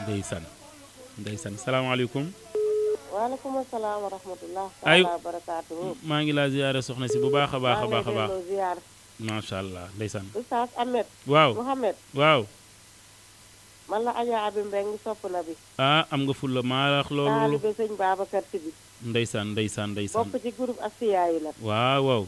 ndeysaan ndeysaan salaamaaleykum maa ngi laa ziyaare soxna si bu baax a baax a baax a baax macha allah ndeysaan. Oustaz Ahmed. waaw Mouhamed. waaw. man la Adja Abi Mbengue sopp na bi. ah am nga fulla maa wax loolu. taalibe sëñ Babacar Si bi. ndeysaan ndeysaan ndeysaan. bokk ci groupe Asfiyahi la. waaw waaw.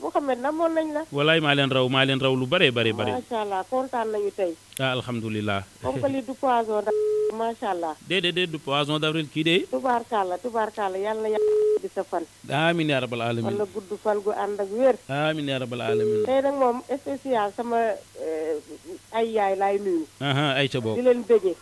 na moon nañ la. walaay maa leen raw maa leen raw lu bare bare bare. macha allah kontaan nañu tey. ah alhamdulilah. comme que lii du poisson d'avril macha allah. déedéet du poisson d'avril kii de. tubaarkàlla tubaarkàlla yàlla yàlla di sa fan. amiin yaa rabal alamin wala gudd fan gu ànd ak wér. amiin yaa rabal alamin tey nag moom spécial sama euh, ay yaay laay nuyu. ay ca bokk di leen bëggee.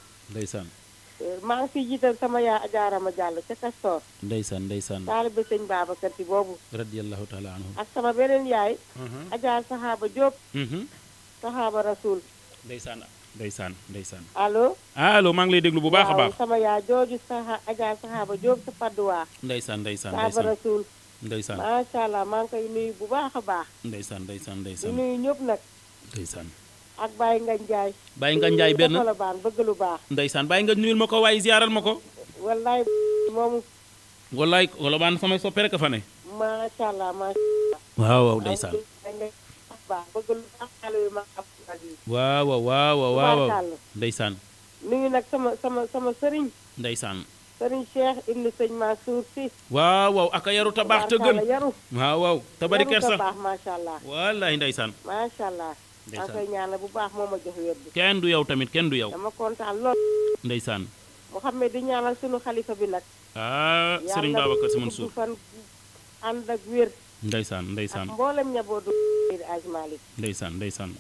Euh, maa ngi fiy jiital sama yaa ajaarama jàll ca Castor. ndeysaan ndeysaan. taalibe sëñ Babacar Si boobu. radiyallahu taala anhu. ak sama beneen yaay. Mhm. ajaar saxaaba Diop. Mhm. saxaaba Rasoul. ndeysaan ndeysaan ndeysaan. allo. allo maa ngi lay déglu bu baax a baax. sama yaa jooju saxa ajaar saxaaba Diop a Padois. ndeysaan ndeysaan ndeysaan saxaaba Rasoul. ndeysaan macha allah maa ngi koy nuyu bu baax a baax. ndeysaan ndeysaan ndeysaan. di nuyu ñëpp ak Baye Ngagne Ndiaye. Baye nga Ndiaye benn la baax bëgg lu baax. ndeysaan Baye nga nuyul ma ko waaye ziyaaral ma ko. wallaay moomu. wallaay Colobane samay soppe rek a fa allah macha allah. waaw waaw ndeysaan. waaw waaw waaw waaw ndeysaan. nag sama sama sama sëriñ. ndeysaan. sëriñ Cheikh Ibnu Sëñ Mansour si. waaw waaw ak a yaru tabaax te gën. waaw waaw tabari kersa yaru macha allah. wallaay ndeysaan. macha allah. ndeysaan koy ñaanal bu baax moo ma jox wér kenn du yow tamit kenn du yow. dama kontaan lool. ndeysaan. Mouhamed di ñaanal sunu xalifa bi nag. ah Serigne Babacar Sy Mansour yàlla fan ànd ak wér. ndeysaan ndeysaan ak mboolem njabootu aj Malick ndeysaan ndeysaan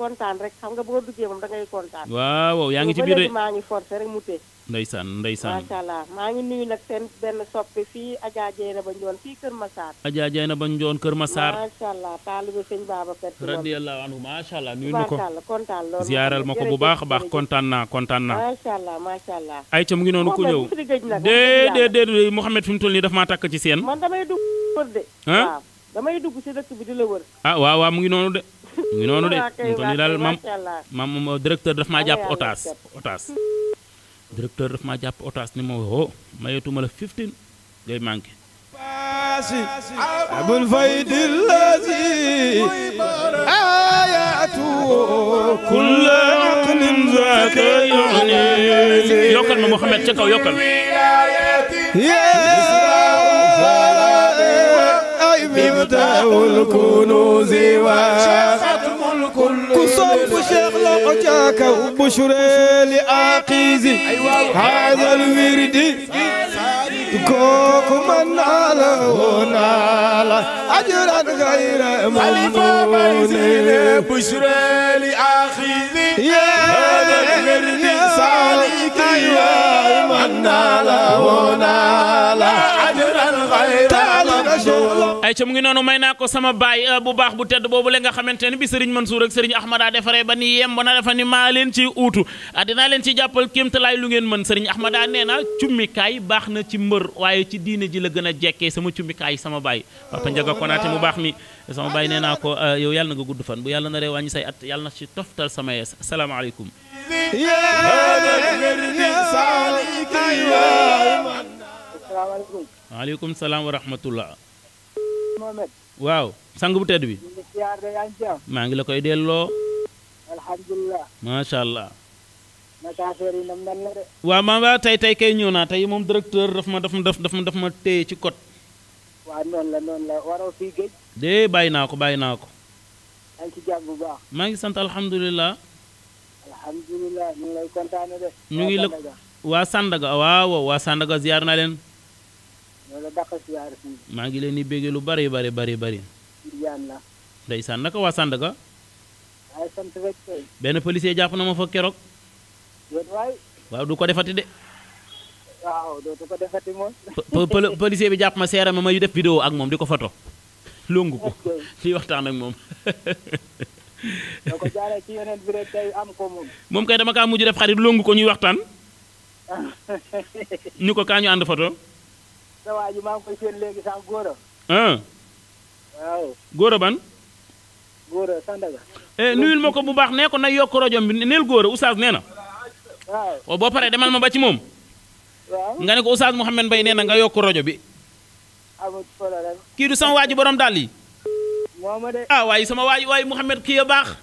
kontaan rek xam nga boo duggee moom da ngay kontaan waaw yaa ngi ci biir maa ngi forcé rek mu tee ndeysaan ndeysaan macha allah maa ngi nuyu nag seen benn soppi fii Adja Dieyna ba Njoon fii Kër Massar Adja Dieyna ba Njoon Kër ma macha allah taalibe sëñ Babacar radiyallahu anhu allah nuyu na ko kontaan loolu ma ko bu baax a baax kontaan naa kontaan naa macha macha allah ay ca mu ngi noonu ku ñëw déedéet déedéet Mouhamed fi mu toll nii daf maa takk ci seen wër damay dugg si dëkk bi di la wër. ah waaw waaw mu ngi noonu de. mu ngi noonu de mu ngi daal maam maam directeur daf maa jàpp otaas otaas. directeur daf maa jàpp otaas ni ma woo oh, mayetuma la 15 ngay manqué. abul faydi lazi ayatu kulla aqlin zaka yuni yokkal ma Mouhamed ca kaw yokkal. مفتاح الكنوز وختم الكل كصف شيخ لقجاك وبشرى لآقيزي هذا الورد كوكو من على ونالا أجرا غير ممنون بشرى لآخيزي هذا الورد سالك يا من على ونالا ay ca mu ngi noonu may naa ko sama baay euh, bu baax bu tedd boobu le nga xamante ne bi sëriñ Mansour ak sëriñ Ahmada defaree ba ni yem ba na dafa ni maa leen ci uutu ah, dinaa leen ci jàppal kéemtalaay lu ngeen mën sëriñ Ahmada nee na cummikaay baax na ci mbër waaye ci diine ji la gën a jekkee sama cummikaay sama baay papa Njaga Konaate mu baax mi sama baay nee naa ko euh, yow yàlla na nga gudd fan bu yàlla na ree wàññi say at yàlla na ci toftal sama yees asalaamaaleykum waaleykum salaam wa rahmatullah Mohamed. waaw sang bu tedd bi. maa ngi la koy delloo. alhamdulilah. macha allah. waaw maa waa tey tey kay ñëw naa tey moom directeur daf ma daf ma daf ma daf ma téye ci code. waaw dee bàyyi naa ko bàyyi naa ko. maa ngi sant alhamdulilah. alhamdulilah ñu ngi lay kontaane waa Sandaga waaw waa Sandaga ziar na leen. wala maa ngi leen di bégge lu bari bari bari bari jaan la ndeysaan naka waa Sandaga ay sant rek benn policier jàpp na ma fa keroog waay waaw du ko defati de waaw dootu ko defati moom policier bi jàpp ma seere ma yu def vidéo ak moom di ko foto longu ko di waxtaan ak moom da ko jaaree ci yeneen bi rek tey am ko moom moom kay dama kaa mujj def xarit longu ko ñuy waxtaan ñu ko kaa ñu ànd foto sa waa ji maa ngi góor a. Ah. ban. góor eh, nuyul ma ko bu baax nee ko na yokk rajo bi neel góor a oustaz nee na. waaw oh, boo paree demal ma ba ci moom. nga ne ko oustaz Mouhamed mbay nee na nga yokk rajo bi. kii du sama waa ji borom yi. ah waaye sama waaju ji waaye Mouhamed kii ya baax.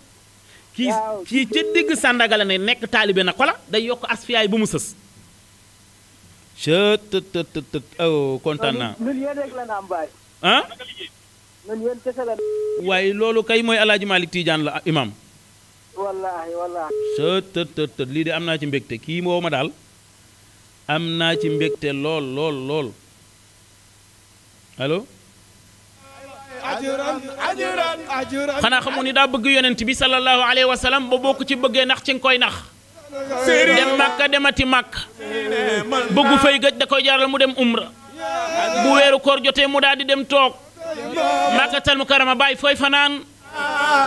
kii kii ca digg Sandaga la ne nekk taalibee na xola day yokk asfiyaay bu mu sës. cët tët tët tët tët waaye loolu kay mooy El Hadj Malick la imam. lii de am naa ci mbégte kii moo ma daal. am naa ci mbégte lool lool lool allo. xanaa xamu ni daa bëgg yonent bi sallallahu alayhi wa ba bokk ci bëggee nax ci nga koy nax. dem màkka demati màkk bëggu fay gëj da koy jaral mu dem umra bu weeru koor jotee mu daal di dem toog màkkatal mu karama bàyyi fooy fanaan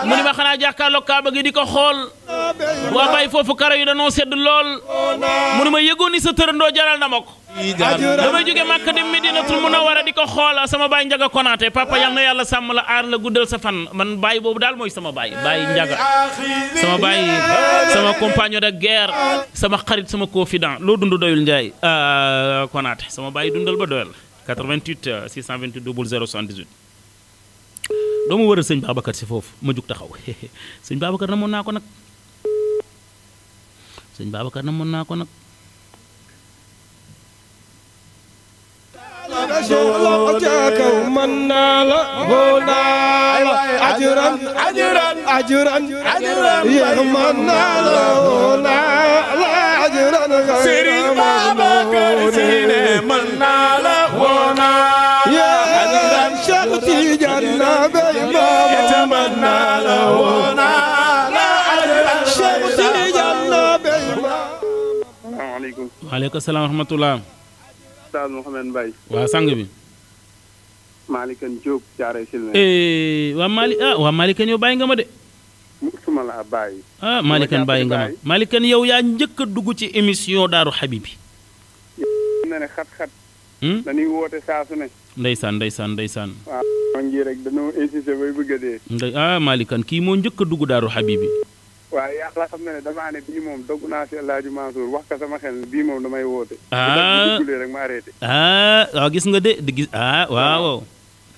mu ni xanaa jàkkaarloog kaaba gi di ko xool waa bàyyi foofu kara yu danoo sedd lool mu ni ma yëgoon ni sa tërëndoo jaral na ma ko dama juga màkk dem Medinatul Munawwara di ko ah, sama baay Njaga Konaate papa yang na sama sàmm la aar la guddal sa fan man sama bayi baay Njaga sama bayi sama compagnon de guerre sama xarit sama confident lo dund doyul Njaay ah, Konaate sama baay dundal ba doyal 88 622 0078 doo ma wëral sëñ Babacar si foofu ma jug taxaw sëñ babakar na moon naa ko nag sëñ na رسول جاك ومنا له أجرا أجرا أجرا أجرا يغمنا له لا أجرا سيري بابا كرسينا منا له يا أجرا شرطي جنة بابا يتمنى له لا أجرا شرطي جنة بابا السلام عليكم وعليكم السلام ورحمة الله Oustaz Mouhamed Mbaye waaw sang bi Malikan Diop jaaree si eh, waa Mali ah waa Malikan yow bàyyi nga ma de musuma laa bàyyi ah Malikan bàyyi nga ma Malikan yow yaa njëkk a dugg ci émission Daaru Habibi na ne xat-xat hmm? dañuy woote saa su ne ndeysaan ndeysaan ndeysaan waaw ngi ah, Malikan kii moo njëkk dugg Daaru Habibi waaye yàlla xam na ne damaa bii moom dogg naa si El Hadj Mansour wax ka sama xel bii moom damay woote. ah bu ah, gis nga de di gis ah waaw.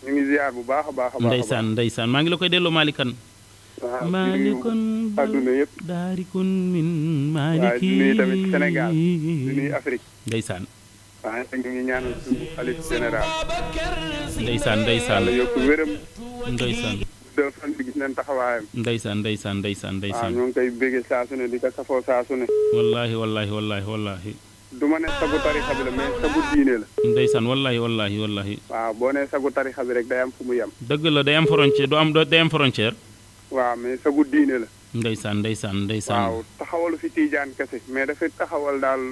ñu ngi bu baax a baax a baax. ndeysaan ndeysaan maa ngi la koy delloo Malikan. waaw malikun adduna yëpp daarikun min maliki waaw nuyu tamit Sénégal nuyu Afrique. ndeysaan. waaw ñu yokk wéram. deux fan bi gis nañ taxawaayam. ndeysaan saan ndeysaan ndeysaan. waaw ñoo ngi koy béggee saa su ne di ko safoo saa su ne. wallaahi wallaahi wallaahi wallaahi. du ma ne sagu tarixa bi la mais sagu diine la. ndeysaan wallaahi wallaahi wallaahi. waaw boo nee sagu tarixa bi rek day am fu mu yem. dëgg la day am frontière du am day am frontière. waaw mais sagu diine la. ndeysaan ndeysaan ndeysaan. waaw taxawalu fi tiijaan kese mais dafay taxawal daal.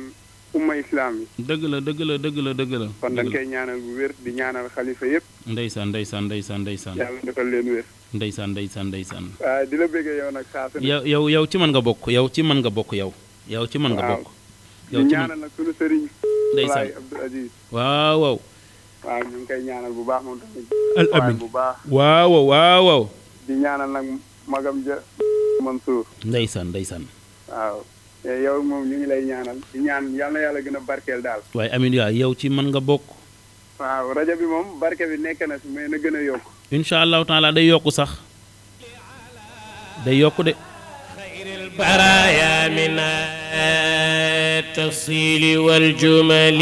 umma islam yi dëgg la dëgg la dëgg la dëgg la kon dañ koy ñaanal bu wér di ñaanal xalifa yëpp ndeysaan ndeysaan ndeysaan ndeysaan yàlla defal leen wér ndeysaan ndeysaan ndeysaan. waaw di la bëggee yow nag saa su ne. yow yow ci man nga bokk yow ci mën nga bokk yow. yow ci man nga bokk. yow ñaanal nag sunu sëriñ. ñaanal bu baax moom bu baax. waaw waaw nag magam ja Mansour. ndeysaan eh, yow moom ñu lay ñaanal. di ñaan yal yàlla gën a barkeel daal. waaye yow ci mën nga bokk. waaw rajo bi moom barke bi nekk na si mais na gën a yokk. incha allahu taala day yokk sax day yokku de البرايا من التفصيل والجمل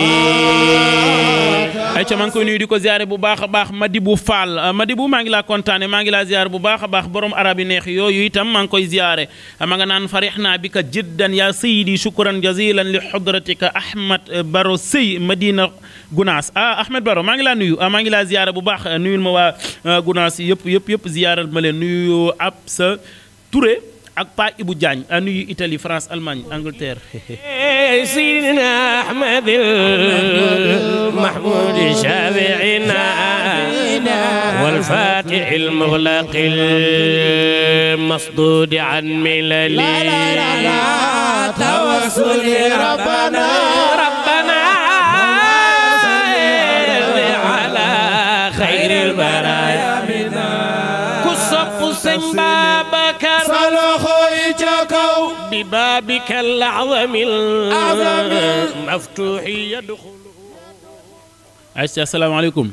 ayca maa ngi koy nuyu di ko ziare bu baax a baax Madibou Fall Madibou maa ngi laa kontaane maa ngi laa ziare bu baax a baax borom arab yi neex yooyu itam maa ngi koy ziare ma nga naan farixna bika jiddan ya sayidi shukran jazilan li xudratika Ahmed Baro Sey Madina Gunaas ah Ahmed Baro maa ngi laa nuyu maa ngi laa ziare bu baax nuyul ma waa Gunaas yëpp yëpp yëpp ziaral ma leen nuyu ab sa Touré ak Pa Ibou Diagne a nuyu Italie France Allemagne Angleterre Seydina Ahmed Mahmoud Shafi'ina wal fatih al mughlaq al masdud an milali tawassul rabbana rabbana ala khairil baraya mina بابك الأعظم المفتوح يدخل عيسى السلام عليكم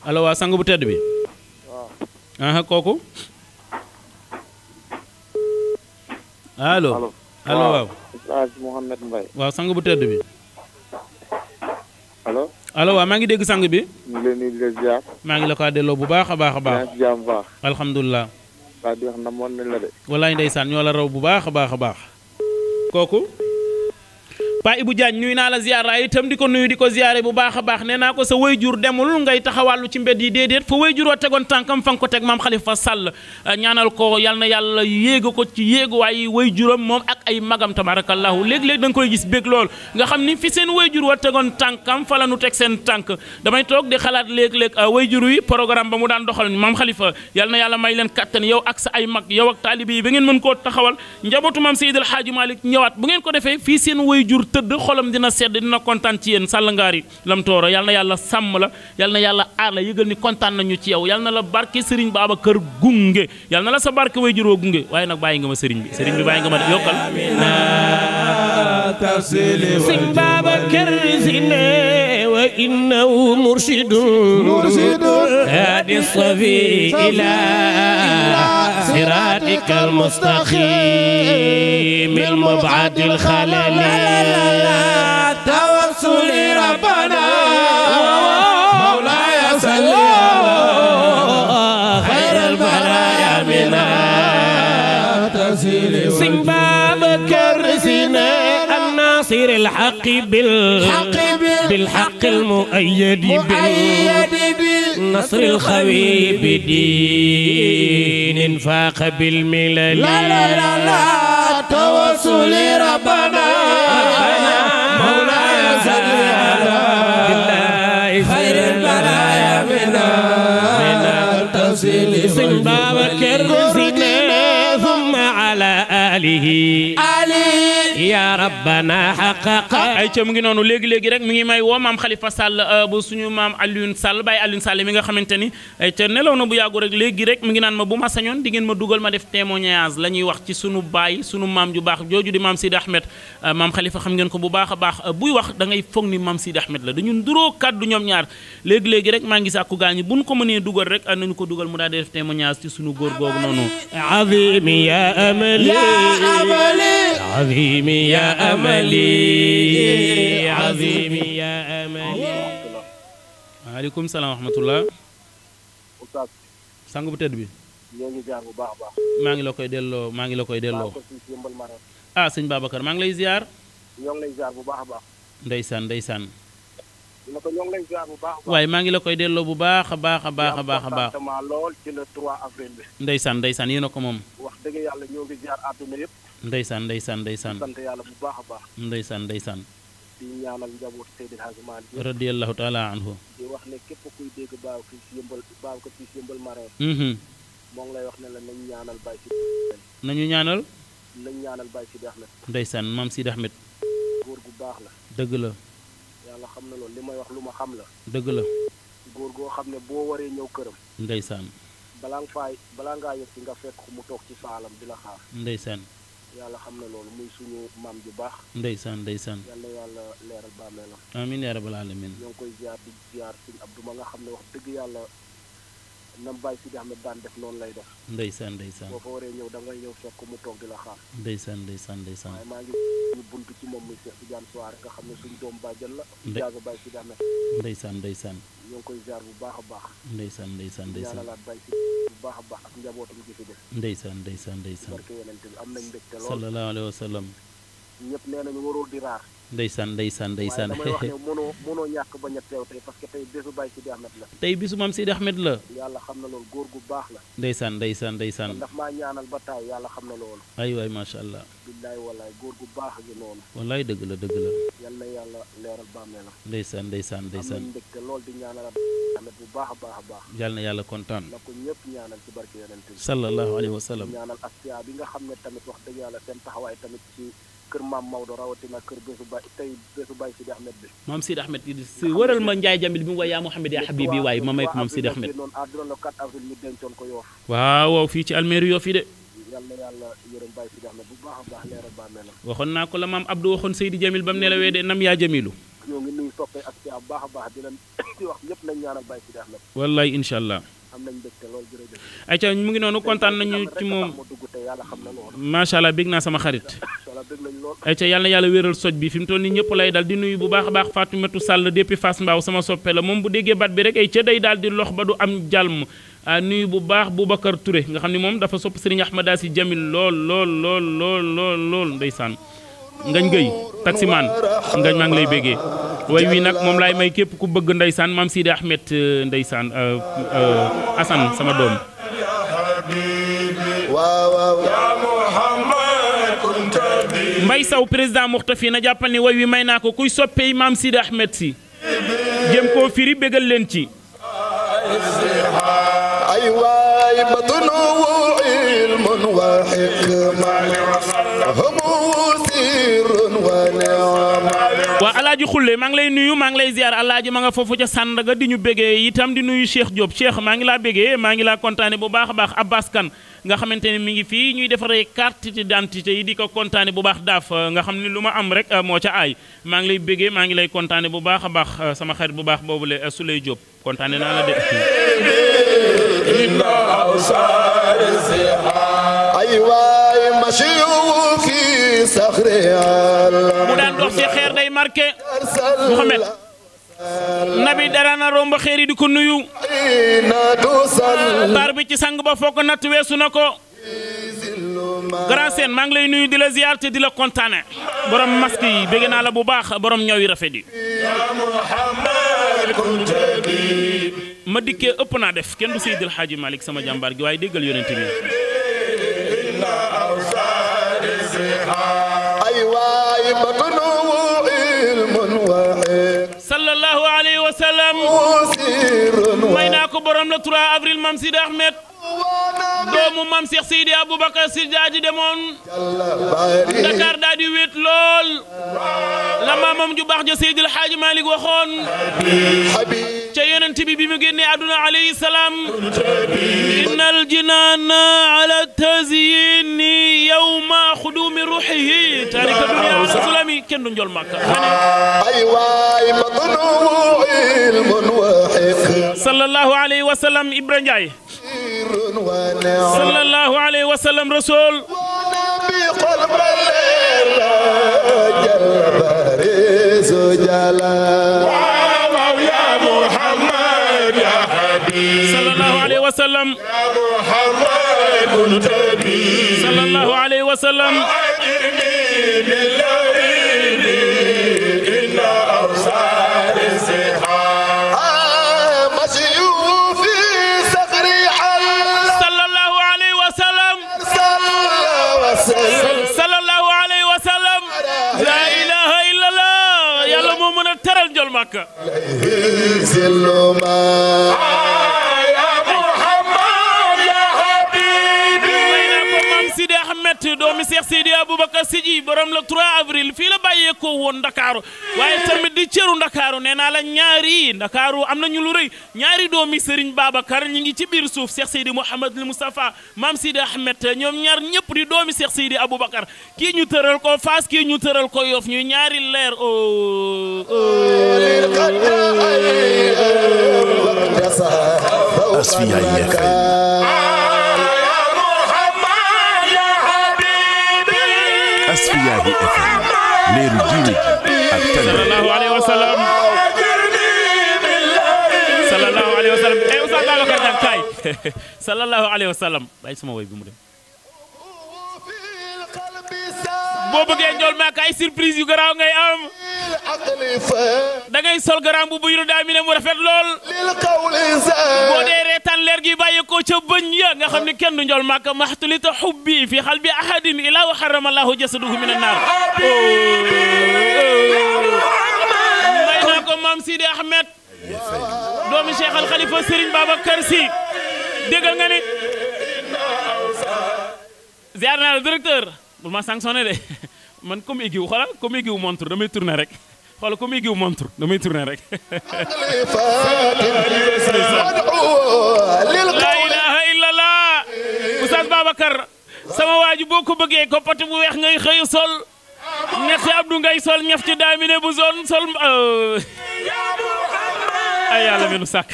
Allo wa alo bu tedd bi waaw ah koku allo allo wa Alaaji Mohamed Mbaye waaw bu tedd bi allo allo wa maa ngi dégg bi ni leen ziar maa ngi la ko delo bu baakha baakha baax a baax waa di wax nañ la de. walaay ndeysaan ñoo la raw bu baax a baax a baax. kooku. ba ibu Diagne nuy na la ziarra waaye itam diko nuyu diko ziare bu baax baax nee ko sa wayjur demul ngay taxawalu ci mbedd yi fa wayjur wa tégon tànkam fanko nga ko teg maam Khalifa Sall ñaanal ko yalna yàlla yéega ko ci way wayjuram mom ak ay magam tabarakallah lég lég dang koy gis bég lool nga xamni fi seen wayjur wa tégon tànkam fa la nu teg seen tànk damay tok di xalat lég lég wayjur yi programme ba mu daan doxal mam Khalifa yalna yàlla may leen kattan yow ak sa ay mag yow ak taalibe yi ngeen mën ko taxawal mam sayyid al Hadji malik ñewat bu ngeen ko defé fi seen wayjur tëdd xolam dina sedd dina kontaan ci yéen sàllngaar yi lam tooro yàlla sàmm la yal na yàlla aar la ni kontaan nañu ci yow yal na la barke sëriñ Babacar gunge yal na la sa barke way juróo gunge waaye nag bàyyi nga ma sëriñ bi sëriñ bi bàyyi nga ma yokkal sëriñ Babacar Sylla wa innahu mursidun mursidun hadi safi ila صراطك المستقيم المبعد الخلل توسل ربنا مولاي صل خير البرايا منا تسيل سن باب كرسنا الناصر الحق بالحق بالحق المؤيد بالحق نصر الخوي بدين انفاق بالملل لا لا لا لا ربنا مولاي على خير ثم على آله rabbana haqqaqa ay ci mu ngi nonu legui legui rek mu ngi may wo mam Khalifa Sall euh, bu suñu mam aliun Sall bay aliun Sall mi nga xamanteni ay ca nelaw bu yagu rek legui rek mu ngi nan ma bu ma sañon di ngeen ma duggal ma def témoignage lañuy wax ci sunu bay sunu mam ju bax joju di mam sid Ahmed euh, mam Khalifa xam ngeen ko bu baax bax euh, bu wax da ngay fogni mam sid Ahmed la dañu nduro kaddu ñom ñaar legui legui rek ma ngi sàkku gañu buñ ko mëne duggal rek nañu ko duggal mu da def témoignage ci sunu gor gog nonu azim ya amali azimi ya, ya يا أملي عظيمي يا أملي maaleykum salaam wa rahmatullah oustaz sang tedd bi ñoo ngi jaar bu baax baax maa ngi la koy delloo maa ngi la koy delloo ah sëñ Babacar maa ngi lay ziar ñoo ngi lay ziar bu baax iya, baax ndeysaan ndeysaan waaye maa ngi la koy delloo bu baax a baax a baax a baax a baax lool ci le 3 avril bi ndeysaan ndeysaan yéen a ko moom wax dëgg yàlla ñoo ngi jaar àdduna yëpp ndaysan ndaysan ndaysan sant yalla bu baax a baax ndeysaan ndeysaan di ñaanal njaboot Seydil Hadji Malick bi radiyallahu taala anhu di wax ne kep kuy deg baaw ki si yëmbal baaw ko ci si yëmbal hmm mo ngi lay wax ne la nañu ñaanal bay ci nañu ñaanal nañu ñaanal Baye Sidi Ahmed ndaysan mam Sidi Ahmed góor gu baax la deug la yalla xam na loolu limay wax luma xam la deug la góor go xamne bo waré ñew kërëm ndaysan balang fay balanga faay ci nga fekk mu tok ci salam di la xaar ndaysan yàlla xam na loolu muy suñu maam ju baax. ndeysaan ndeysaan. yàlla yàlla leeral bàmmeelam. amiin yaa rabbal alamin. ñoo ngi koy ziar di ziar suñu Abdou ma nga xam ne wax dëgg yàlla. nam Baye Sidi Ahmed daan def noonu lay def. ndeysaan ndeysaan boo fa waree ñëw da ngay ñëw fekk mu toog di la xaar. ndeysaan ndeysaan ndeysaan. waaye maa ngi ñu bunt ci moom muy Cheikh Tidiane Souare nga xam ne suñu doom bàjjen la. jaaga Baye Sidi Ahmed. ndeysaan ndeysaan. ñoo ngi koy jaar bu baax a baax. ndeysaan ndeysaan ndeysaan ñaanalaat Baye Sidi bu baax a baax ak njabootam gi fi def. ndeysaan ndeysaan ndeysaan. barke yonent bi am nañ mbégte lool. sallallahu alayhi wa sallam. ñëpp nee nañu warul di raar. ndeysaan ndeysaan ndeysaan waaye damay wax ne mënoo mënoo ñàkk bañ a teew tey parce que tey bésu Baye Sidi Ahmed la. tey bésu maam Sidi Ahmed la. yàlla xam na loolu góor gu baax la. ndeysaan ndeysaan ndeysaan. ndax maa ñaanal ba taay yàlla xam na loolu. ay waay macha allah. billaay wallaay góor gu baax gi noonu. wallaay dëgg la dëgg la. yal na yàlla leeral bàmmeelam. ndeysaan ndeysaan ndeysaan. am na mbégte lool di ñaanal Ahmed bu baax a baax a baax. yal yàlla kontaan. na ko ñëpp ñaanal ci barke yonent bi. sallallahu alayhi wa sallam ñaanal asfiya bi nga xam ne tamit wax dëgg yàlla seen taxawaay tamit ci kër maam Maodo rawatina kër bésu bay tey bésu bay Sidi Ahmed bi maam Sidi Ahmed si waral ma Njaay Jamil bi mu waay yaa Mouhamed yaa Habibi waay ma may ko maam Sidi Ahmed la 4 avril ñu dencoon ko Yoof waaw waaw fii ci almeeri Yoof yi de yàlla yàlla yërëm Baye Sidi Ahmed bu a baax leeral waxoon naa ko la maam Abdou waxoon Seydi Jamil ba mu ne de nam yaa Jamilu ñoo ngi nuyu soppe a mu ngi noonu kontaan nañu ci moom macha allah naa sama xarit ay yal yalla yalla wéeral soj bi fim toni ñepp lay dal di nuyu bu baax baax fatimatu Sall depuis Fass mbaw sama soppe la moom bu déggé bat bi rek ay ca day dal di lox ba du am jàlm ah, nuyu bu baax bu bakkar Touré nga xamni mom dafa sopp Serigne Ahmada assi Jamil lool lool lool lool lool lool ndeysaan ngañ geuy taxi man ngañ maa ngi lay béggee way wi nak mom lay may képp ku bëgg ndeysaan mam Sidi Ahmed euh, euh euh Assane sama doom wa wa ya muhammad mbay saw président muxtafi na jàppal ni way wi may naa ko kuy soppey maam Sidi Ahmed si jëm koo firi bégal leen ci ay waay batnu ilmun wa waa alaaji xulle maa lay nuyu maa ngi lay ziar alaaji ma nga foofu ca Sandaga di ñu bégee itam di nuyu Cheikh Diop Cheikh maa ngi laa bégee maa ngi laa kontaane bu baax a baax Abbas Kane nga xamante ne mu ngi fii ñuy defaree carte d'identité yi di ko kontaane bu baax daaf nga xam ne lu ma am rek euh, moo ca aay maa ngi lay béggee maa ngi lay kontaane bu baax a baax euh, sama xarit bu baax boobule su lay jóob kontaane naa la de ay waay masiw fi saxri mu daan dox ci xeer day marqué Mouhamed nabi dara na romb xeer yi di ko nuyu. tar bi ci sang ba foog natt weesu na ko. Grand maa ngi lay nuyu dila la ziar di la kontaane borom masque yi naa la bu baax borom ñaw yi rafet yi. ma dikkee ëpp naa def kenn du Seydil Hadji Malick sama jàmbaar gi waaye déggal yonent bi salaam may ko borom le 3 avril mam Sidi Ahmed doomu mam Cheikh Seydi Aboubacar Sy Diadji demoon Dakar daal di wéet lool. لما مام جو باخ جو سيد الحاج مالك واخون حبيب تي تبي بي مغني ادنا عليه السلام ان الجنان على التزيين يوم خدوم روحه تارك الدنيا على سلامي كن نجول مكه ايوا مطلوع المنوحك صلى الله عليه وسلم ابراهيم جاي صلى الله عليه وسلم رسول ونبي قلب الليل جلبه وسلم يا محمد صلى الله عليه وسلم أجرني بالذي jël Makka Mohamed doomi Cheikh Seydi Aboubacar Sy ji borom la 3 avril fii la bàyyeekoo woon Ndakaaru waaye tamit di cëru Ndakaaru nee naa la ñaari Ndakaaru am nañu lu rëy ñaari doomi Serigne Babacar ñi ngi ci biir suuf Cheikh Seydi Mouhamed al Moustapha Maam Seydi Ahmed ñoom ñaar ñëpp di doomi Cheikh Seydi Aboubacar kii ñu tëral ko Fass kii ñu tëral ko Yoff ñuy ñaari leer o oh, oh. Asfiyahi FM leeru diine ji ak sallallahu alayhi wa sallam sallallahu alayhi wa sallam eh Oustaz Babacar Niang kaay sallallahu alayhi wa sallam bàyyi sama woy bi mu dem boo bëggee njool maak ay surprise yu garaaw ngay am da ngay sol garaam bu buy lu daa mu rafet lool boo dee reetaan leer gi bàyyi ko ca bëñ nga xam ni kenn du njool maak maxtulita xubbi fi xal bi ahadin ilaa wa xaramallahu jasaduhu min annaar may naa ko maam Sidi Ahmed doomi Cheikh Al Khalifa Serigne Babacar Sy déggal nga ni ziar naa la directeur bu ma sanctionné de man comme igiw xoolal comme igiw montre damay tourné rek xoolal comme igiw montre damay tourné rek laa ilaha illallah oustaz Babacar sama waaju boo ko bëggee ko koppati bu weex ngay xëy sol ñex ci Abdou ngay sol ñef ci daamine bu zone sol euh. ay yàlla menu sàkk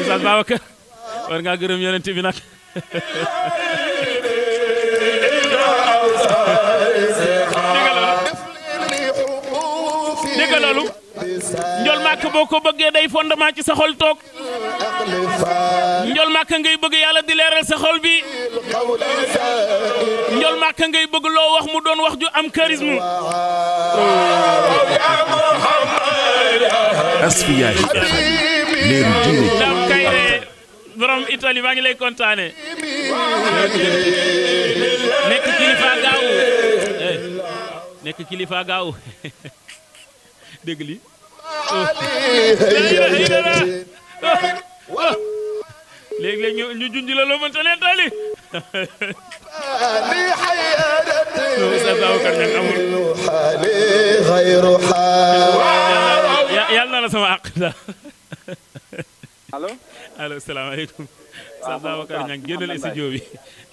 oustaz Babacar war ngaa gërëm yonent bi dégg nga loolu màkk boo ko bëggee day fondement ci sa xol toog njol màkk ngay bëgg yàlla di leeral sa xol bi njol màkk ngay bëgg loo wax mu doon wax ju am charisme Asfiyahi leeru diine daam kayre borom Italie maa ngi lay kontaane kilifa gaaw nekk kilifa gaaw dégg li léeg-léeg ñu ñu junj la loo mënta leen tali Oustaz Babacar Niang amul yàlla na la sama àq da allo allo salaamaaleykum Oustaz Babacar Niang génnal studio bi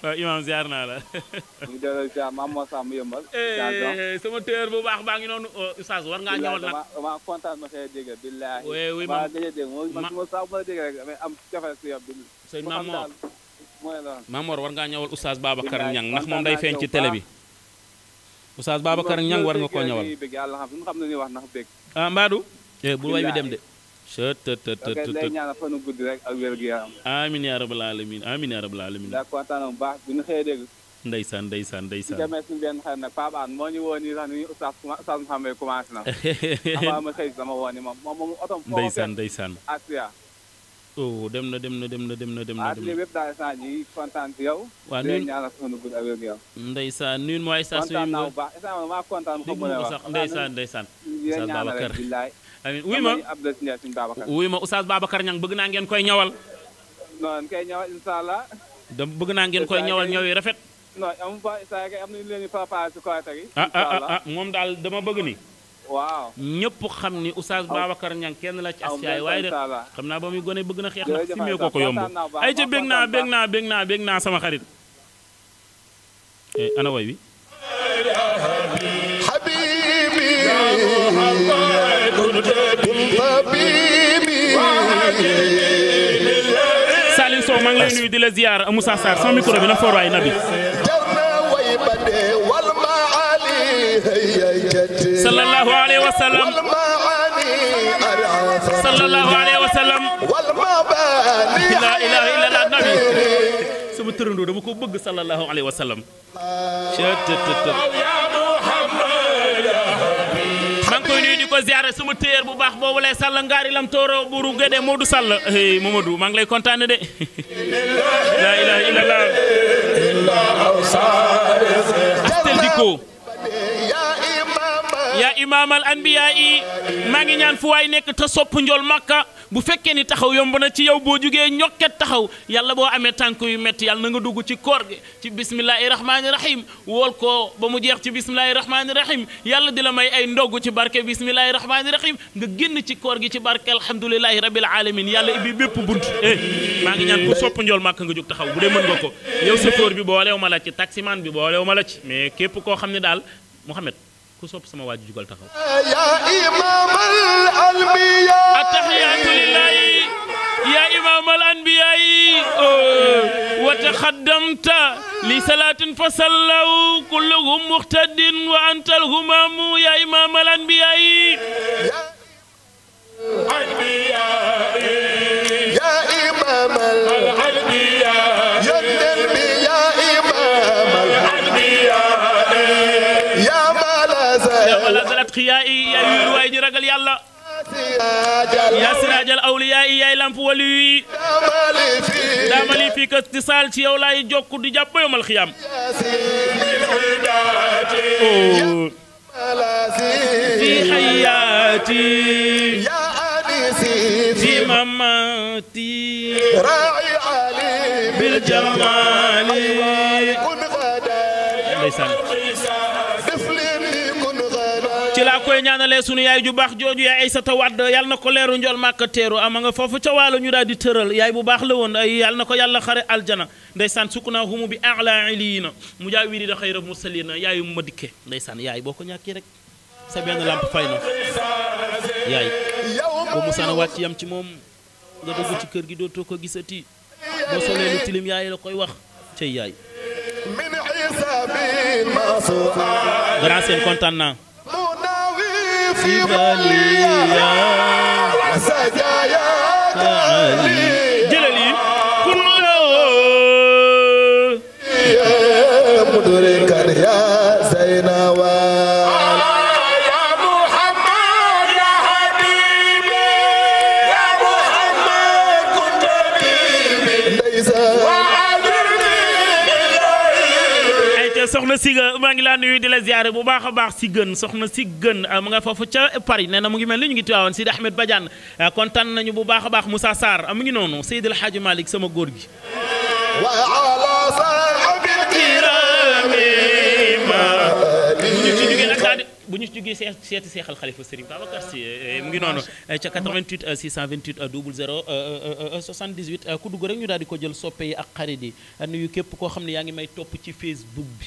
waaw imaam ziar naa la. Eh, sama téer bu baax baa ngi noonu oh, Oustaz war ngaa ñëwal nag. dama kontaan ma xëy dégg billaahi. oui oui ma ma ma rek am cofeel si yow. sëñ Mamor Mamor war ngaa ñëwal Oustaz Babacar Niang ndax moom day feeñ ci télé bi. Oustaz Babacar Niang war nga koo ñëwal. ah Mbadou. Eh, bu way bi dem de. sët tët tët tët tët lay ñaanal fanu guddi rek ak wér gu yaram. amiin yaa rabbal aalamiin amiin yaa rabbal aalamiin. daa kontaan bu baax bu ñu xëyee dégg. ndeysaan ndeysaan ndeysaan. demee suñu benn xarit nag Pape Anne moo ñu woo nii sax ni Oustaz Oustaz Mouhamed commencé na. avant ma xëy sama woo ni moom moom moom otom. ndeysaan ndeysaan Asia. oh dem na dem na dem na dem na dem na. Asia bépp daal saa ñuy kontaan ci yow. waaw ñun di ñaanal fanu guddi ak wér gu yaram. ndeysaan ñun mooy. saa suñu kontaan naa bu baax amiin wuy ma wuy ma oustaz Babacar Niang bëgg naa ngeen koy ñawal. non kay ñawal bëgg naa ngeen koy ñawal ñaw yi rafet. saa am nañu leen ah ah ah, ah moom daal dama bëgg ni. waaw ñëpp xam ni oustaz Babacar Niang kenn la ci asiyaay waaye de xam naa ba muy gone bëgg na xeex na simee ko ko yomb ay ca bég naa bég naa sama xarit eh, ana way wi Saliou Sow maa ngi lay nuyu di la ziar Moussa Sarr sama micro bi na foor waay nabi sallallahu alayhi wa sallam sallallahu alayhi wa sallam la ilaha illa allah nabi sama tërëndoo dama ko bëgg sallallahu alayhi wa sallam di ko ziare suma téer bu baax boobu lay sàll ngaari lam tooro buru gede Modou Sall hey Mamadou maa ngi lay kontaane de la ilaha illallah astel dikko yaa imaam al anbiyaa maa ngi ñaan fu waay nekk te sopp njool makka bu fekkee ni taxaw yomb na ci yow boo jugee ñokket taxaw yàlla boo amee tànk yu métti yàlla na nga dugg ci koor gi ci bismillahi rahmaani rahim wool ko ba mu jeex ci bismillahi rahmaani rahim yàlla di la may ay ndogg ci barke bismillahi rahmaani rahim nga génn ci koor gi ci barke alhamdulilahi rabil alamin yàlla ibi bépp bunt eh maa ngi ñaan ku sopp njool màkk nga jóg taxaw bu dee mën nga ko yow bi booleew ma la ci taximan bi booleew ma ci mais képp koo xam ne daal Mouhamed ku sopp sama waaju jugal taxaw ya imam al anbiya attahiyatu lillahi ya imam al anbiya wa taqaddamta li salatin fa sallaw kulluhum muhtadin wa anta al humam ya imam al anbiya يا إمام العلبية يا النبي يا nazalat xiyaayi yaay wiir waay ñi ragal yàlla yaay lamp wali yi daamali fii ka di saal ci yow laay jokku di jàpp yomal xiyaam oh. fi xayaati fi mamaati bil ñaanalee sunu yaay ju baax jooju yaay Aysata Wàdd ko leeru njool màkka teeru ama nga ñu daal di tëral yaay bu baax la woon ay yàlla na ko yàlla xare aljana ndeysaan sukkunaa humu bi ala iliyina mu jaay wiiri da xayra mursalina yaayu ma dikke ndeysaan yaay boo ko ñàkkee rek sa benn làmp fay na yaay boo musaana wàcc yam ci moom nga dugg ci kër gi dootoo ko gisati boo solee lu tilim yaay la koy wax cay yaay grand seen kontaan naa في غلية وسجايا تعالي Siga maa ngi laa nuyu di la ziaré bu baax baax si gën soxna si gën ah, ma nga fofu ca Paris néna mu ngi mel ni ñu ngi tuwaawoon Sidi Ahmed Badiane ah, kontaan nañu bu baax baax Moussa Sarr ah, mu ngi noonu Seydil Hadji malik sama góor gi. bu ñu jógee see sét séxal khalifa serigne Babacar si eh, eh, mu ngi nonu ci 88 628 00 78 ku dugg rek ñu dal di ko jël soppé ak xaridi eh, nuyu képp ko xamni ne ngi may top ci Facebook bi.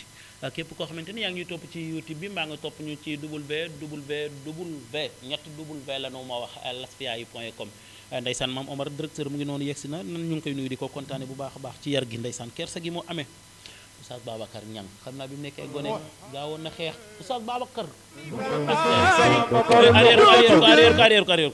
képp koo xamante ni yaa ngi topp ci youtube bi mbaa nga topp ñu ci www ñetti w la nu ma wax lasfiyahi point comme com ndaysaan maam Omar directeur mu ngi noonu yegsi na nan ñu ngi koy nuyu di ko kontaane bu baax a baax ci yar gi ndaysaan kersa gi mu amee Oustaz Babacar Niang xam naa bi nekkee gone gaawoon na xeex Oustaz Babacar arrière ko arrière ko arrière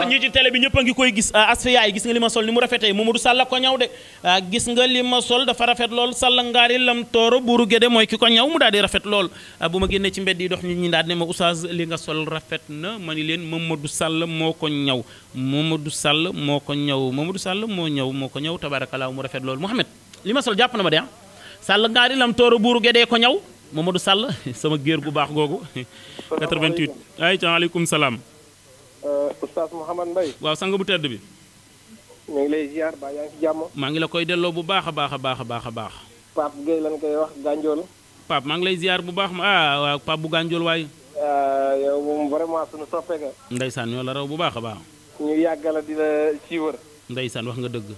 ñi ci télé bi ñëpp a ngi koy gis ah, Asfiya yi gis nga li ma sol ni mu rafetee Mamadou Sall ko ñaw de ah, gis nga li ma sol dafa rafet lool Sall ngaari lam tooro buuru géde mooy ki ko ñaw mu daal di rafet lool ah, bu ma génnee ci mbedd yi dox nit ñi daal ne ma oustaz li nga sol rafet na ma ni leen Mamadou Sall moo ko ñaw Mamadou Sall moo ko ñaw Mamadou Sall moo ñaw moo ko ñaw tabaarakalaaw mu rafet lool Mouhamed li ma sol jàpp na ma de Sall ngaari lam tooro buuru gédee ko ñaw Mamadou Sall sama géer gu baax googu 88 ay waaleykum salaam Euh, Oustaz Mouhamad Mbaye waaw sang bu tedd bi. ñu ngi lay ziar ba yaa ngi ci jàmm. maa ngi la koy delloo bu baax a baax a baax a baax a baax. Pape Gueye koy wax Gandiol. Pape maa ngi lay ziar bu baax ma ah waaw bu Gandiol waaye. Euh, yow moom vraiment suñu soppe nga. Ndeysaan bu baax a baax. ñu yàggala di la siiwër. Ndeysaan wax nga dëgg.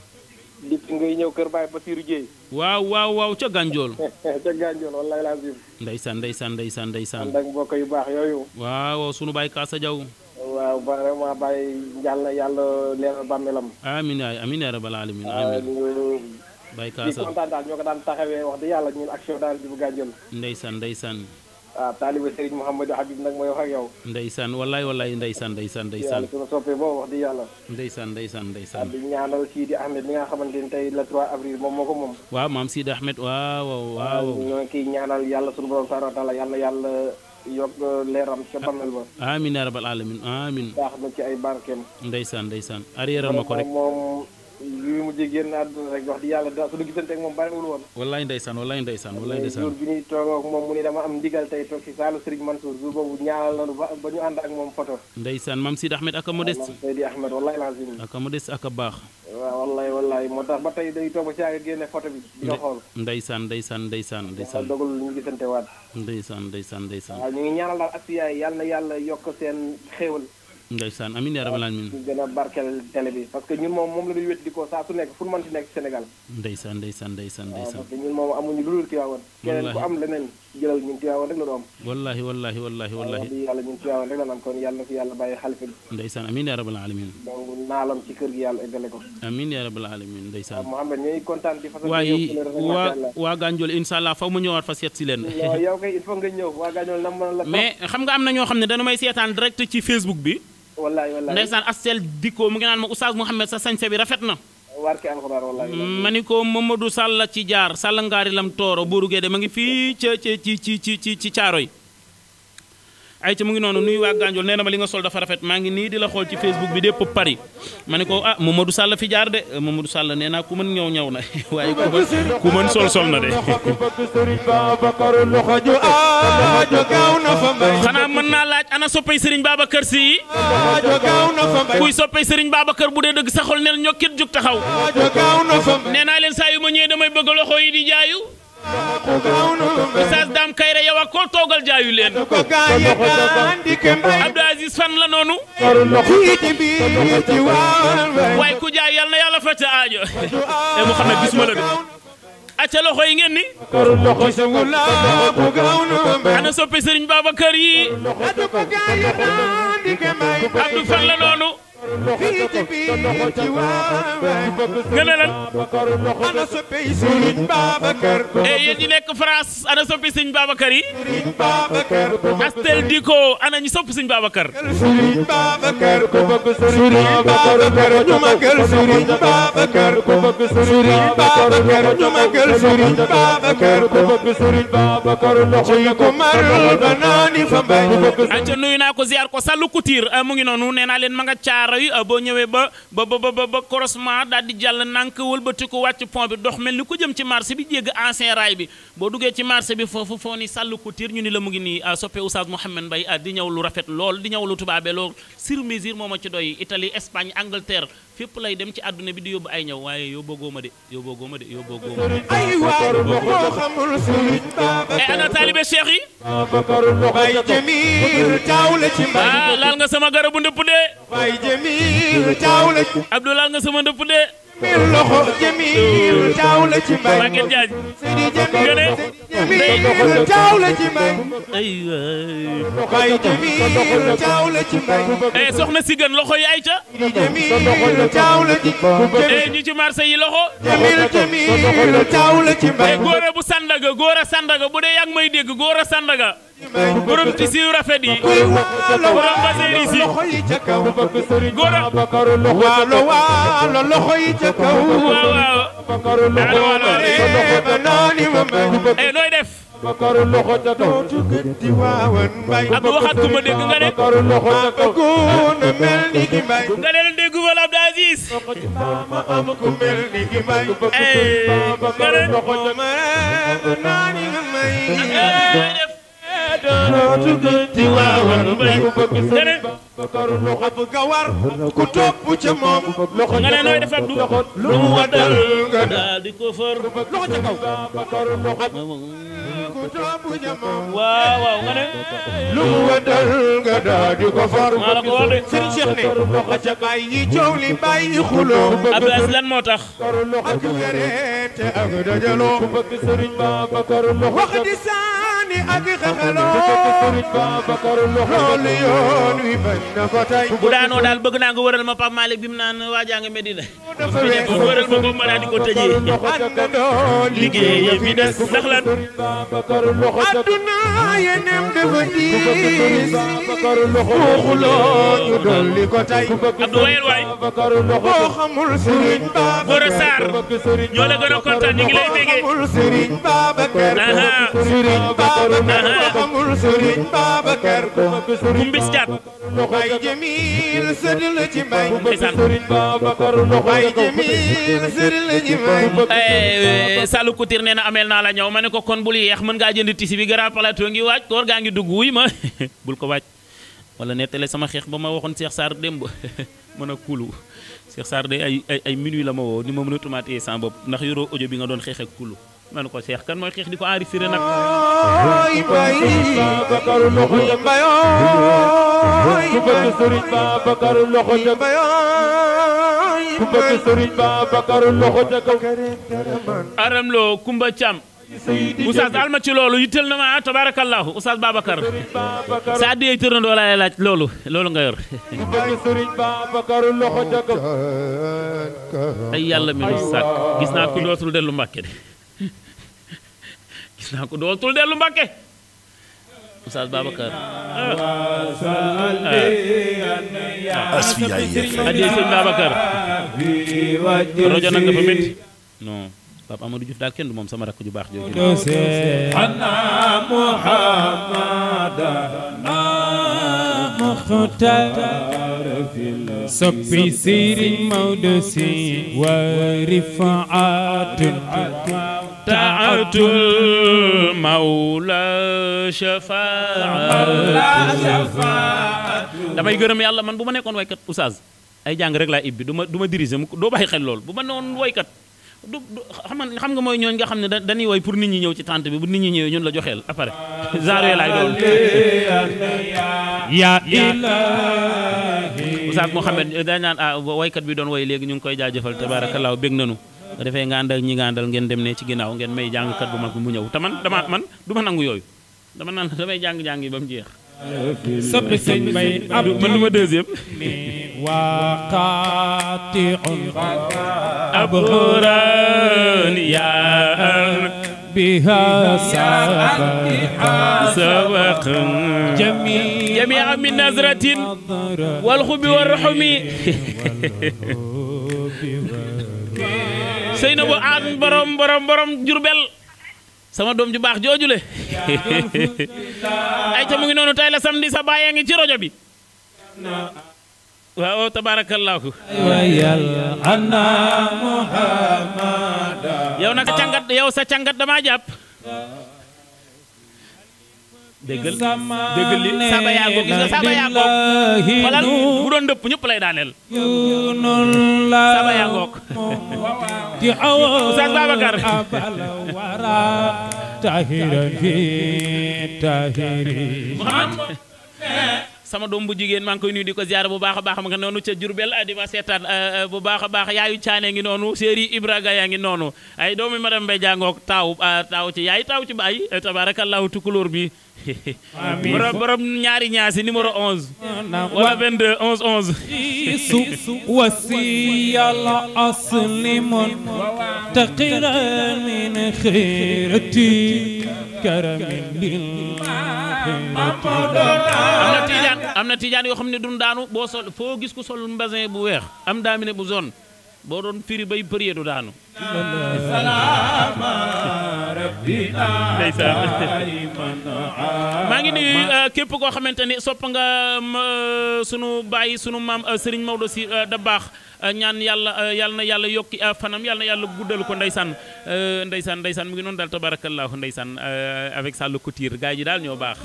di ñëw kër Baye Basirou Dieye. waaw waaw waaw ca Gandiol. ca Gandiol wallaay laa ziir. Ndeysaan Ndeysaan Ndeysaan Ndeysaan. ànd ak mbokk yu baax yooyu. waaw sunu Baye sa Diaw. waaw ba vraiment bàyyi yàlla yàlla leeral bàmmeelam. amiin waay amiin yaa rabbal aalamiin amiin bay kaasa di kontaan daal ñoo ko daan taxawee wax dëgg yàlla ñun action daal di bëgg a saan ndeysaan ndeysaan. waaw taaliba Serigne Mouhamadou Habib nag mooy wax ak yow. ndeysaan wallaay wallaay ndeysaan ndeysaan ndeysaan. yàlla saan ma soppee boobu wax dëgg yàlla. ndeysaan ndeysaan ndeysaan. di ñaanal Sidi Ahmed mi nga xamante ni tey la 3 avril moom moo ko moom. waaw maam Sidi Ahmed waaw waaw. waaw ñoo ngi ñaanal yàlla sunu borom subhanahu wa yàlla yàlla. yokk leeram ca bàmmeel ba. amiin yaa rabbal alamin amiin. baax na ci ay barkeem. ndeysaan ndeysaan arrière ko rek bi mujjee génn àdduna rek wax di yàlla da suñu gisante ak moom bariwul woon wallaay ndeysaan wallaay ndeysaan wallaay ndeysaan jour bi ñuy toog ak moom mu ni dama am ndigal tey toog si saalu Serigne Mansour jour boobu ñaanal nañu ba ba ñu ànd ak moom photo ndeysaan a wallaay lazim ak a modeste ak a wallaay ndeysaan ndeysaan ndeysaan ndeysaan ndeysaan ndeysaan ndeysaan waaw ñu ñaanal daal ak si yaay yàlla na yàlla yokk seen xéewal ndeysaan amiin yaa rabbal aalamiin ñu gën a naalam ci kër gi yàlla eggale ko amiin yaa rabbal aalamiin ndeysaan Mouhamed ñooy kontaan di fas waaye waa waa Gandiol incha allah mu ñëwaat fa seet si leen yow kay xam nga am na ñoo xam ne dañu may seetaan direct ci Facebook bi wallaay wallaay ndeysaan Astel Dikko mu ngi naan ma oustaz Mouhamed sa sañse bi rafet na. warke alxuraan mm, ma ni ko Mamadou Sall ci jaar Sall ngaari lam tooro booru Guédé ma ngi fii ci ci ci ci caaro yi ay ci mu ngi noonu nuy waa Gandiol nee na ma li nga sol dafa rafet maa ngi nii di la xool ci Facebook bi dépp Paris ma ne ko ah Mamadou Sall fi jaar de Mamadou Sall nee naa ku mën ñëw ñëw na waaye ku mën ku mën sol sol na mën naa laaj ana soppay Serigne Babacar Sy yi kuy soppay Serigne Babacar bu dee dëgg saxol nel ñokkit jug taxaw nee naa leen saa yu ma ñëwee damay bëgg loxo yi di jaayu. Oustaz Dame Kayre yow ak toogal jaayu leen Abdou Aziz fan la noonu waaye ku jaay yal na yàlla faj sa e Mouhamed bisuma la de loxo yi ngeen ni ana soppe Serigne Babacar yi Abdou fan la noonu fii ci biir ci waaw nga ne lan. ana soppey Serigne Babacar. Eh, yéen ñi nekk France ana soppey Serigne Babacar yi. Astel Diko ana ñu sopp Serigne Babacar. Serigne Babacar ku bëgg Serigne Babacar ñu magal Serigne Babacar ku bëgg Serigne Babacar ñu magal Serigne Babacar ku bëgg Serigne Babacar loxo yi ko mar banaani fa mbay. nuyu naa ko ziar ko Sallou Couture ah, mu ngi noonu nee naa leen ma nga caar. saxara yi boo ñëwee ba ba ba ba croisement daal di jàll nànk wëlbati ko wàcc pont bi dox mel ni ku jëm ci marché bi jégg ancien raay bi boo duggee ci marché bi foofu foo ni sàll ko tiir ñu ni la mu ngi nii ah, soppe Oustaz Mouhamed Mbaye ah, di ñëw lu rafet lool di ñëw lu tubaabee lool sur mesure moo ma ci doy Italie Espagne Angleterre fépp lay dem ci àdduna bi di yóbbu ay ñëw waaye yow bëggoo ma de yow bëggoo ma de yow bëggoo ma de ay waaru ko xamul sëriñ Babacar ay ana ah, laal nga sama garabu ndëpp de jamiil taaw la ci Abdou laal nga sama ndëpp de mil loxo jamiil taaw la ci mbay Maguette Diagne Seydi jamiil taaw la ci mbay ay waay jamiil taaw la ci mbay eh soxna si gën loxo yi ay ca jamiil taaw la ci eh ñu ci marché yi loxo jamiil jamiil taaw la ci mbay eh, góora bu sandaga góora sandaga bu dee yaa ngi may dégg góora sandaga borom tisi loxo yi ku ma ni ki mbay nga ne leen dégg wala Aziz eh, good to Dere. bakaru loxo bu gawar ku topp ca moom loxo nga ne nooy def du lu wadal nga di ko lu wadal nga di ko fër la ko wax de sëriñ Cheikh ne loxo ca bàyyi coow li bàyyi xuloo Abdoulaye lan moo ak wérete ak dajaloo loxo wax wi bañ bu daanoo daal bëgg naa nga wëral ma Pape Malick bi mu naan waajaa nga Medina bu wëral ma ko ma daal di ko tëjee liggéey bi des ndax lan adduna yeneem dafa diis xuuxuloo ñu dolli ko tey Abdou wayel waay boo xamul Serigne Babacar Gora Sarr ñoo la gën a kontaan ñu ngi lay bégee Serigne Babacar Serigne Babacar boo xamul Serigne Babacar Kumbis Diat bay jamil sëriñ la ci may eh, eh, nee na ameel naa la ñëw ma ne ko kon bul yeex mën ngaa jënd tisi bi Grand Plateau ngi waaj koor gaa ngi dugg wuy ma bul ko waaj wala nettale sama xeex ba ma waxoon Cheikh Sarr démb mën a kulu Cheikh Sarr de ay ay la ma woo ni ma mën a tumaatee sans bopp ndax yoroo ojo bi nga doon xeex ak kulu man ko seex kan mooy xeex di ko enregistré nag Babacar loxo ja mbayoy ku bëgg sëriñ Babacar loxo ja mbayoy ku bëgg Kumba Cam Oustaz alma ci loolu yittal na ma ah, tabarakallahu Oustaz Babacar sa addiyey tërandoo laay laaj loolu loolu nga yor ay yàlla mi nu sàkk gis ku dootul dellu Mbàkke de naa ko dootul dellu Mbàkke Oustaz Babacar ah, Asfiyahi FM addi sëñ Babacar rajo nag dafa métti non Pape Amadou Diouf daal kenn du moom sama rakk ju baax jooju soppi Sëriñ Maodo si wa rifaatun متعة المولى شفاعة damay gërëm yàlla man bu ma nekkoon waykat oustaz ay jàng rek laa ibbi du ma du ma diriger doo bàyyi xel lool bu ma noon waykat du xam nga xam nga mooy ñooñ nga xam ne dañuy woy pour nit ñi ñëw ci tante bi bu nit ñi ñëwee ñun la joxeel a après genre yooyu laay doon yaa oustaz Mouhamed dañ naan ah waykat bi doon woy léegi ñu ngi koy jaajëfal tabaarakallaahu bég nanu da defee nga andal ñi nga andal ngeen dem ne ci ginaaw ngeen may jang kat bu mag bi mu ñew te man dama man duma ma nangu yooyu dama nan damay jang jang yi bam jeex soppi sëñ bay ab man deuxième wa qati'un deuxième ya biha يا jami'a min nazratin wal khubi war rahmi Seynabu aan borom borom borom Jurbel sama dom ju bax jooju ay ta mu ngi nonu tay la samedi sa baye ngi ci rojo bi wa yalla anna muhammad yow nak yow sa dama japp déggal déggal li sama yaa ngoog gis nga Saba yaa ngoog xoolal bu doon dëpp ñëpp lay daaneel. Saba yaa sama gitu. dom bu jigéen maa ngi koy nuyu di ko ziar bu baax a baax ma nga Jurbel ah, di ma seetaan eh, eh, bu baax a baax yaayu caane ngi noonu séeri Ibraga yaa ngi noonu ay doomi madame Mbaye jàngoog taaw ah, taaw ci yaay taaw ci baay eh, tabarakallahu bi amiin borom ñaari ñaasi numéro 11. wala min xeyrati karamin lil am am na tijaan yoo xam ne dun daanu boo sol foo gis ku sol mbasin bu weex am daamine bu zone boo doon firi bay përiyee daanu. maa ngi nuyu euh, képp koo xamante ni sopp nga euh, sunu bàyyi sunu maam euh, Serigne Maodo si da baax Eh, ñaan yalla eh, yàlla na yàlla yokki eh, fanam yàlla na yàlla guddal ko ndaysan ndaysan ndaysan mu ngi non dal tabarakallah ndaysan avec Sall Couture gaay ji daal ñoo baax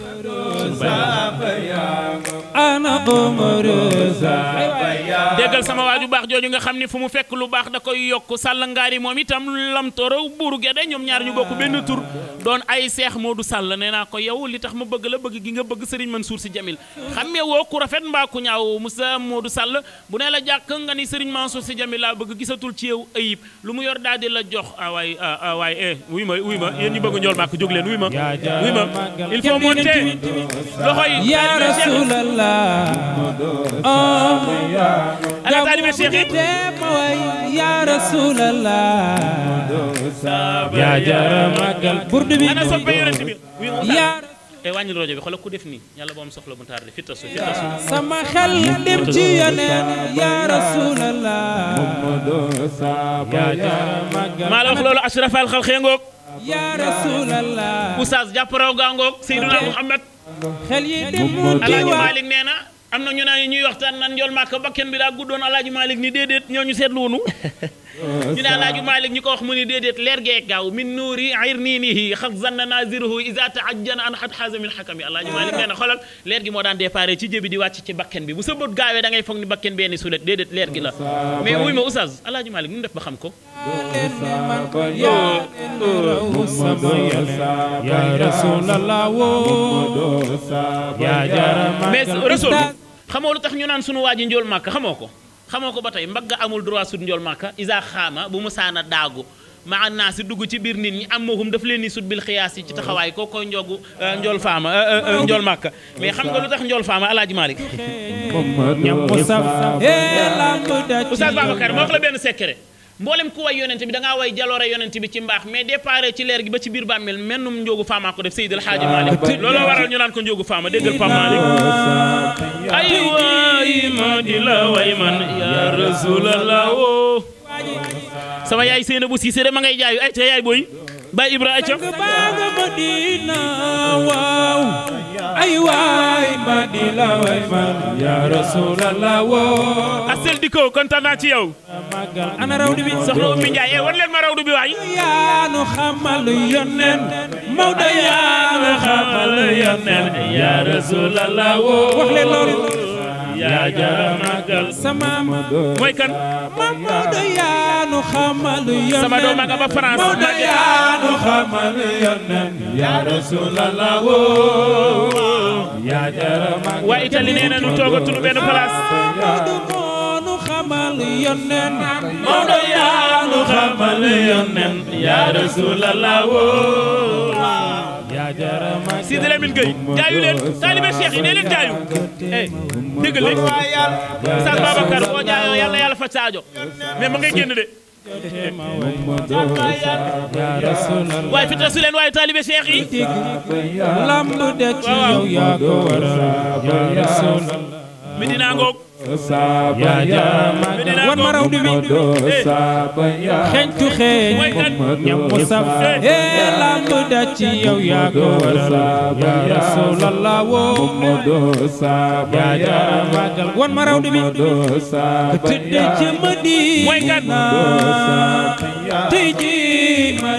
déggal sama waju bax joju nga xamni fumu fekk lu bax da koy yokk sal Ngaari mom itam lam toro buuru gede ñom ñaar ñu bokku ben tour don ay cheikh Modou Sall neena ko yow li tax ma bëgg la bëgg gi nga bëgg Serigne Mansour ci jamil xamé wo ku rafet mba ku ñaaw musa Modou Sall bu ne la jàkk nga ni Serigne sëñ Mansour si Jamil la bëgg gisatul ci yow ayib lu mu yor daal di la jox ah way ah, ah way eh wuy ma wuy ma yeen ñu bëgg ñol màkk jóg leen wuy ma wuy ma il faut monter loxoy ah. ya rasulallah ala taalibe Cheikh ya rasulallah ya jara magal burdu bi ana soppe yonent bi tey eh, wàññil rajo bi xoolal ku def nii yàlla boo am soxla mu tardé fi tasu fi tasu ah. sama xel dem ci yeneen yaa rasulallah maa la wax loolu ashrafal xalqee ngoog yaa rasulallah oustaz jàpp ngoog seyduna muhammad xel yi dem mu alaaji nee na na ñu naan ñuy waxtaan nan njool màkk bakken bi daa guddoon alaaji malik ni déedéet ñooñu seetlu wunu ñu ne alaaju Malik ñuko wax mu ni déedéet leer gee gaaw min nuri irniinihi xas zanna naziruhu isa taajjana an xat xaasa min xakami alaaju Malik neena xolal leer gi mo daan dépare ci jëbi di wàcc ci bakken bi bu sa bot gaawé da ngay fogg ni bakken bee ni sulet dedet leer gi la mais wuy ma oustaz alaaju Malik ñu def ba xam ko ya rasulallah woo ya jarama mais rasul xamoo lu tax ñu naan sunu waji ji makka xamoko xamoo ko ba tey mbagg amul droit sut njool màkka isa xaama bu mu saana daagu maa naa si dugg ci biir nit ñi am mahum daf leen ni sut bil xiyaas yi ci taxawaay koo koy euh, njool faama euh, euh, mais xam nga lu tax njool faama alaaji Malick Oustaz Babacar moo wax la benn secret mboolem ku way yonent bi da ngaa way jaloore yonent bi ci mbaax mais départ ci leer gi ba ci biir bàmmeel mennum njóogu ñu naan ko njóogu faama déggal Pape Malick ay waay ma di la way man ya rasulallah sama yaay seena bu siise de ma ngay jaayu ay ca yaay booy bay ibra ay ca baa nga madina waaw ay waay ma di la waay ma ya rasulallah woo. asel dikko kontaan naa ci yow. ana rawdu bi soxna Oumy Ndiaye eh, war leen ma rawdu bi waay. yaanu xamalu yónneen Maodo yaanu xamalu yónneen ya rasulallah woo. wax leen loolu. yaa jara màggal sama mooy kan Maodo yaa nu xamal yonen sama doom nga ba France Maodo yaa nu xamal yonen yaa rasulallah woo yaa jara màggal waa Italie nee na nu toogatunu benn place xamal yonen Maodo yaa nu xamal yonen yaa rasulallah woo Sidy Lamine Gueye jaayu leen taalibe Cheikh yi nee jaayu eh dégg nga Oustaz Babacar boo jaayoo yàlla yàlla faj sa aajo mais ma ngay génn de waaye fitra su leen waaye taalibe Cheikh yi de ci yow yaa ko waral Medina ngoog wan ma raw du mi xeeñtu xeeñ ñam mu saf ee eh, lamb da ci yow yaa ko waral yaa rasulallah woo yaa màggal wan ma raw du mi tëdd ci Madina tey ji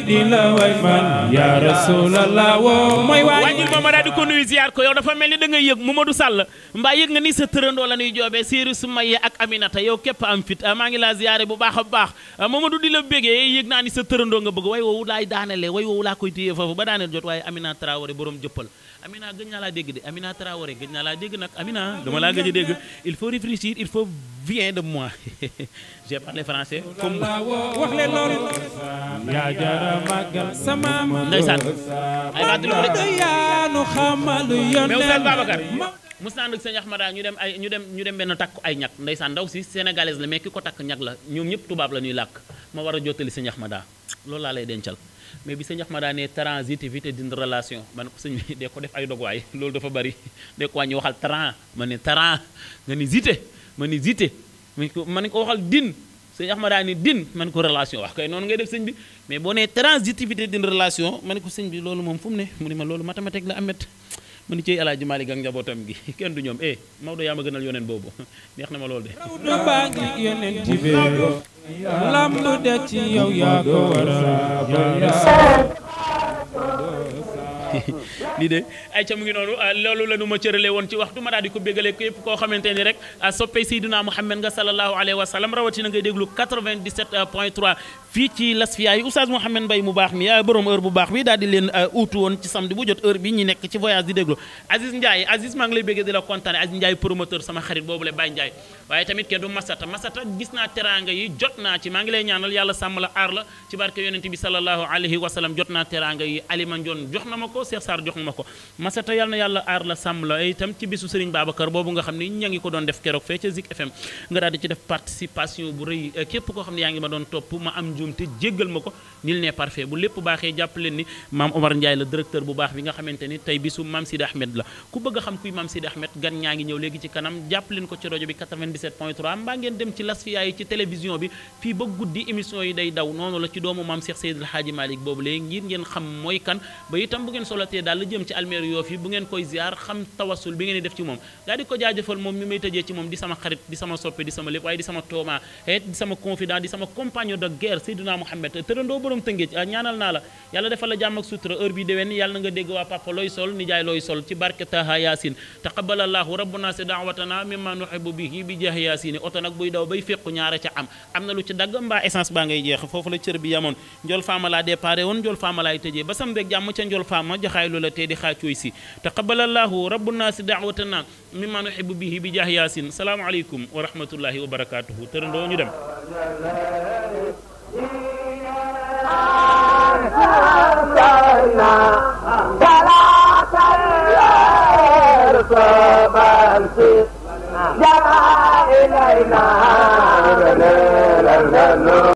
Medina way man ya rasulallah woo mooy waañu moom ma daal di ko nuyu ziar ko yow dafa mel ni da ngay yëg Mamadou salla mbaa yëg nga ni sa tërëndoo la ñuy joobee Siri Soumaye ak Aminata yow képp am fit ah, maa ngi laa ziare bu baax a baax ah, Mamadou di la bégee yëg naa ni sa tërëndoo nga bëgg way woowu laay daanele way woowu laa koy téye foofu ba daaneel jot waaye Amina Traoré borom jëppal Amina gëj la laa dégg de Amina Traoré gëj la laa dégg nag Amina dama la gëj a dégg il faut réfléchir il faut vient de moi j'ai parlé français comme wax leen loolu yaa jara màggal sama ndeysaan ay baat lu rek yaanu xamalu yonent mais Babacar mos naa seigne sëñ Ahmada ñu dem ay ñu dem ñu dem ben takk ay ñag ndeysaan ndaw si sénégalaise la mais kiko tak ñak la ñom ñëpp tubaab la ñuy lak ma wara jotali seigne sëñ Ahmada loolu laa lay dencal mais bi sëñ Axmada ne transitivité d'une relation man ko sëñ bi de ko def ay dogwaay loolu dafa bari de ko wàññi waxal tran ma ne tran nga ni zité ma ni zité ma ne ko waxal din sëñ Axmada ni din man ko relation wax kay noonu ngay def sëñ bi mais boo nee transitivité d'une relation ma ne ko sëñ bi loolu moom fu mu ne mu ne ma loolu mathématique la amet mu ni ciy alaaji Maalik ak njabootam gi kenn du ñoom eh Maodo yaa ma gënal yoneen boobu neex na ma lool de rawdu baa ngi yoneen ci beeru lamb de ci yow yaa ko war a lii de ay ca mu ngi noonu ah, loolu la nu ma cërale woon ci waxtu ma daal di ko bégale képp koo xamante ni rek ah, soppee Seydina Mouhamed nga sallallahu alayhi wa rawatina ngay déglu fii ci Lasfiya yi oustaz Mouhamed Mbaye mu baax mi ah, borom heure bu baax bi daal leen uutu woon ci samedi bu jot heure bi ñu nekk ci voyage di déglu Aziz Ndiaye Aziz maa ngi lay bégge di la kontaane Aziz promoteur sama xarit boobu la Baye Ndiaye waaye tamit ko Cheikh Sarr jox ma ko masata yal yàlla aar la sàmm la itam ci bisu Serigne Babacar boobu nga xam ne ña ngi ko doon def keroog fee ca Zik FM nga daal di ci def participation bu rëy eh, képp koo xam ne yaa ngi ma doon topp ma am njuum te jéggal ma ko nil ne parfait bu lépp baaxee jàpp ni maam Omar Ndiaye la directeur bu baax bi nga xamante ni tey bisu maam Sidi Ahmed la ku bëgg a xam kuy maam Sidi Ahmed gan ñaa ngi ñëw léegi ci kanam jàpp ko ci solatee daal la jëm ci almeer yoof yi bu ngeen koy ziar xam tawasul bi ngeen def ci moom daal di ko jaajëfal moom mi may tëjee ci moom di sama xarit di sama soppe di sama lépp waaye di sama tooma et di sama ah, sol nijaay looy sol ci barke taha yaasin taqabal allahu rabbuna si daawatana mimma nuhibu bihi bi jaahi yaasini oto nag buy daw bay féqu ñaare ca am am na lu ci dagg mbaa essence baa ngay jeex foofu la cër bi yamoon njol faama laa déparé jaxaylu la te di xaacoy si taqabalallahu rabbu naasi daawatana mimman yuhibbu bihi bi jaah yaasin salaamu aleykum wa rahmatullahi wa barakaatuhu tërëndoo ñu dem لا إله إلا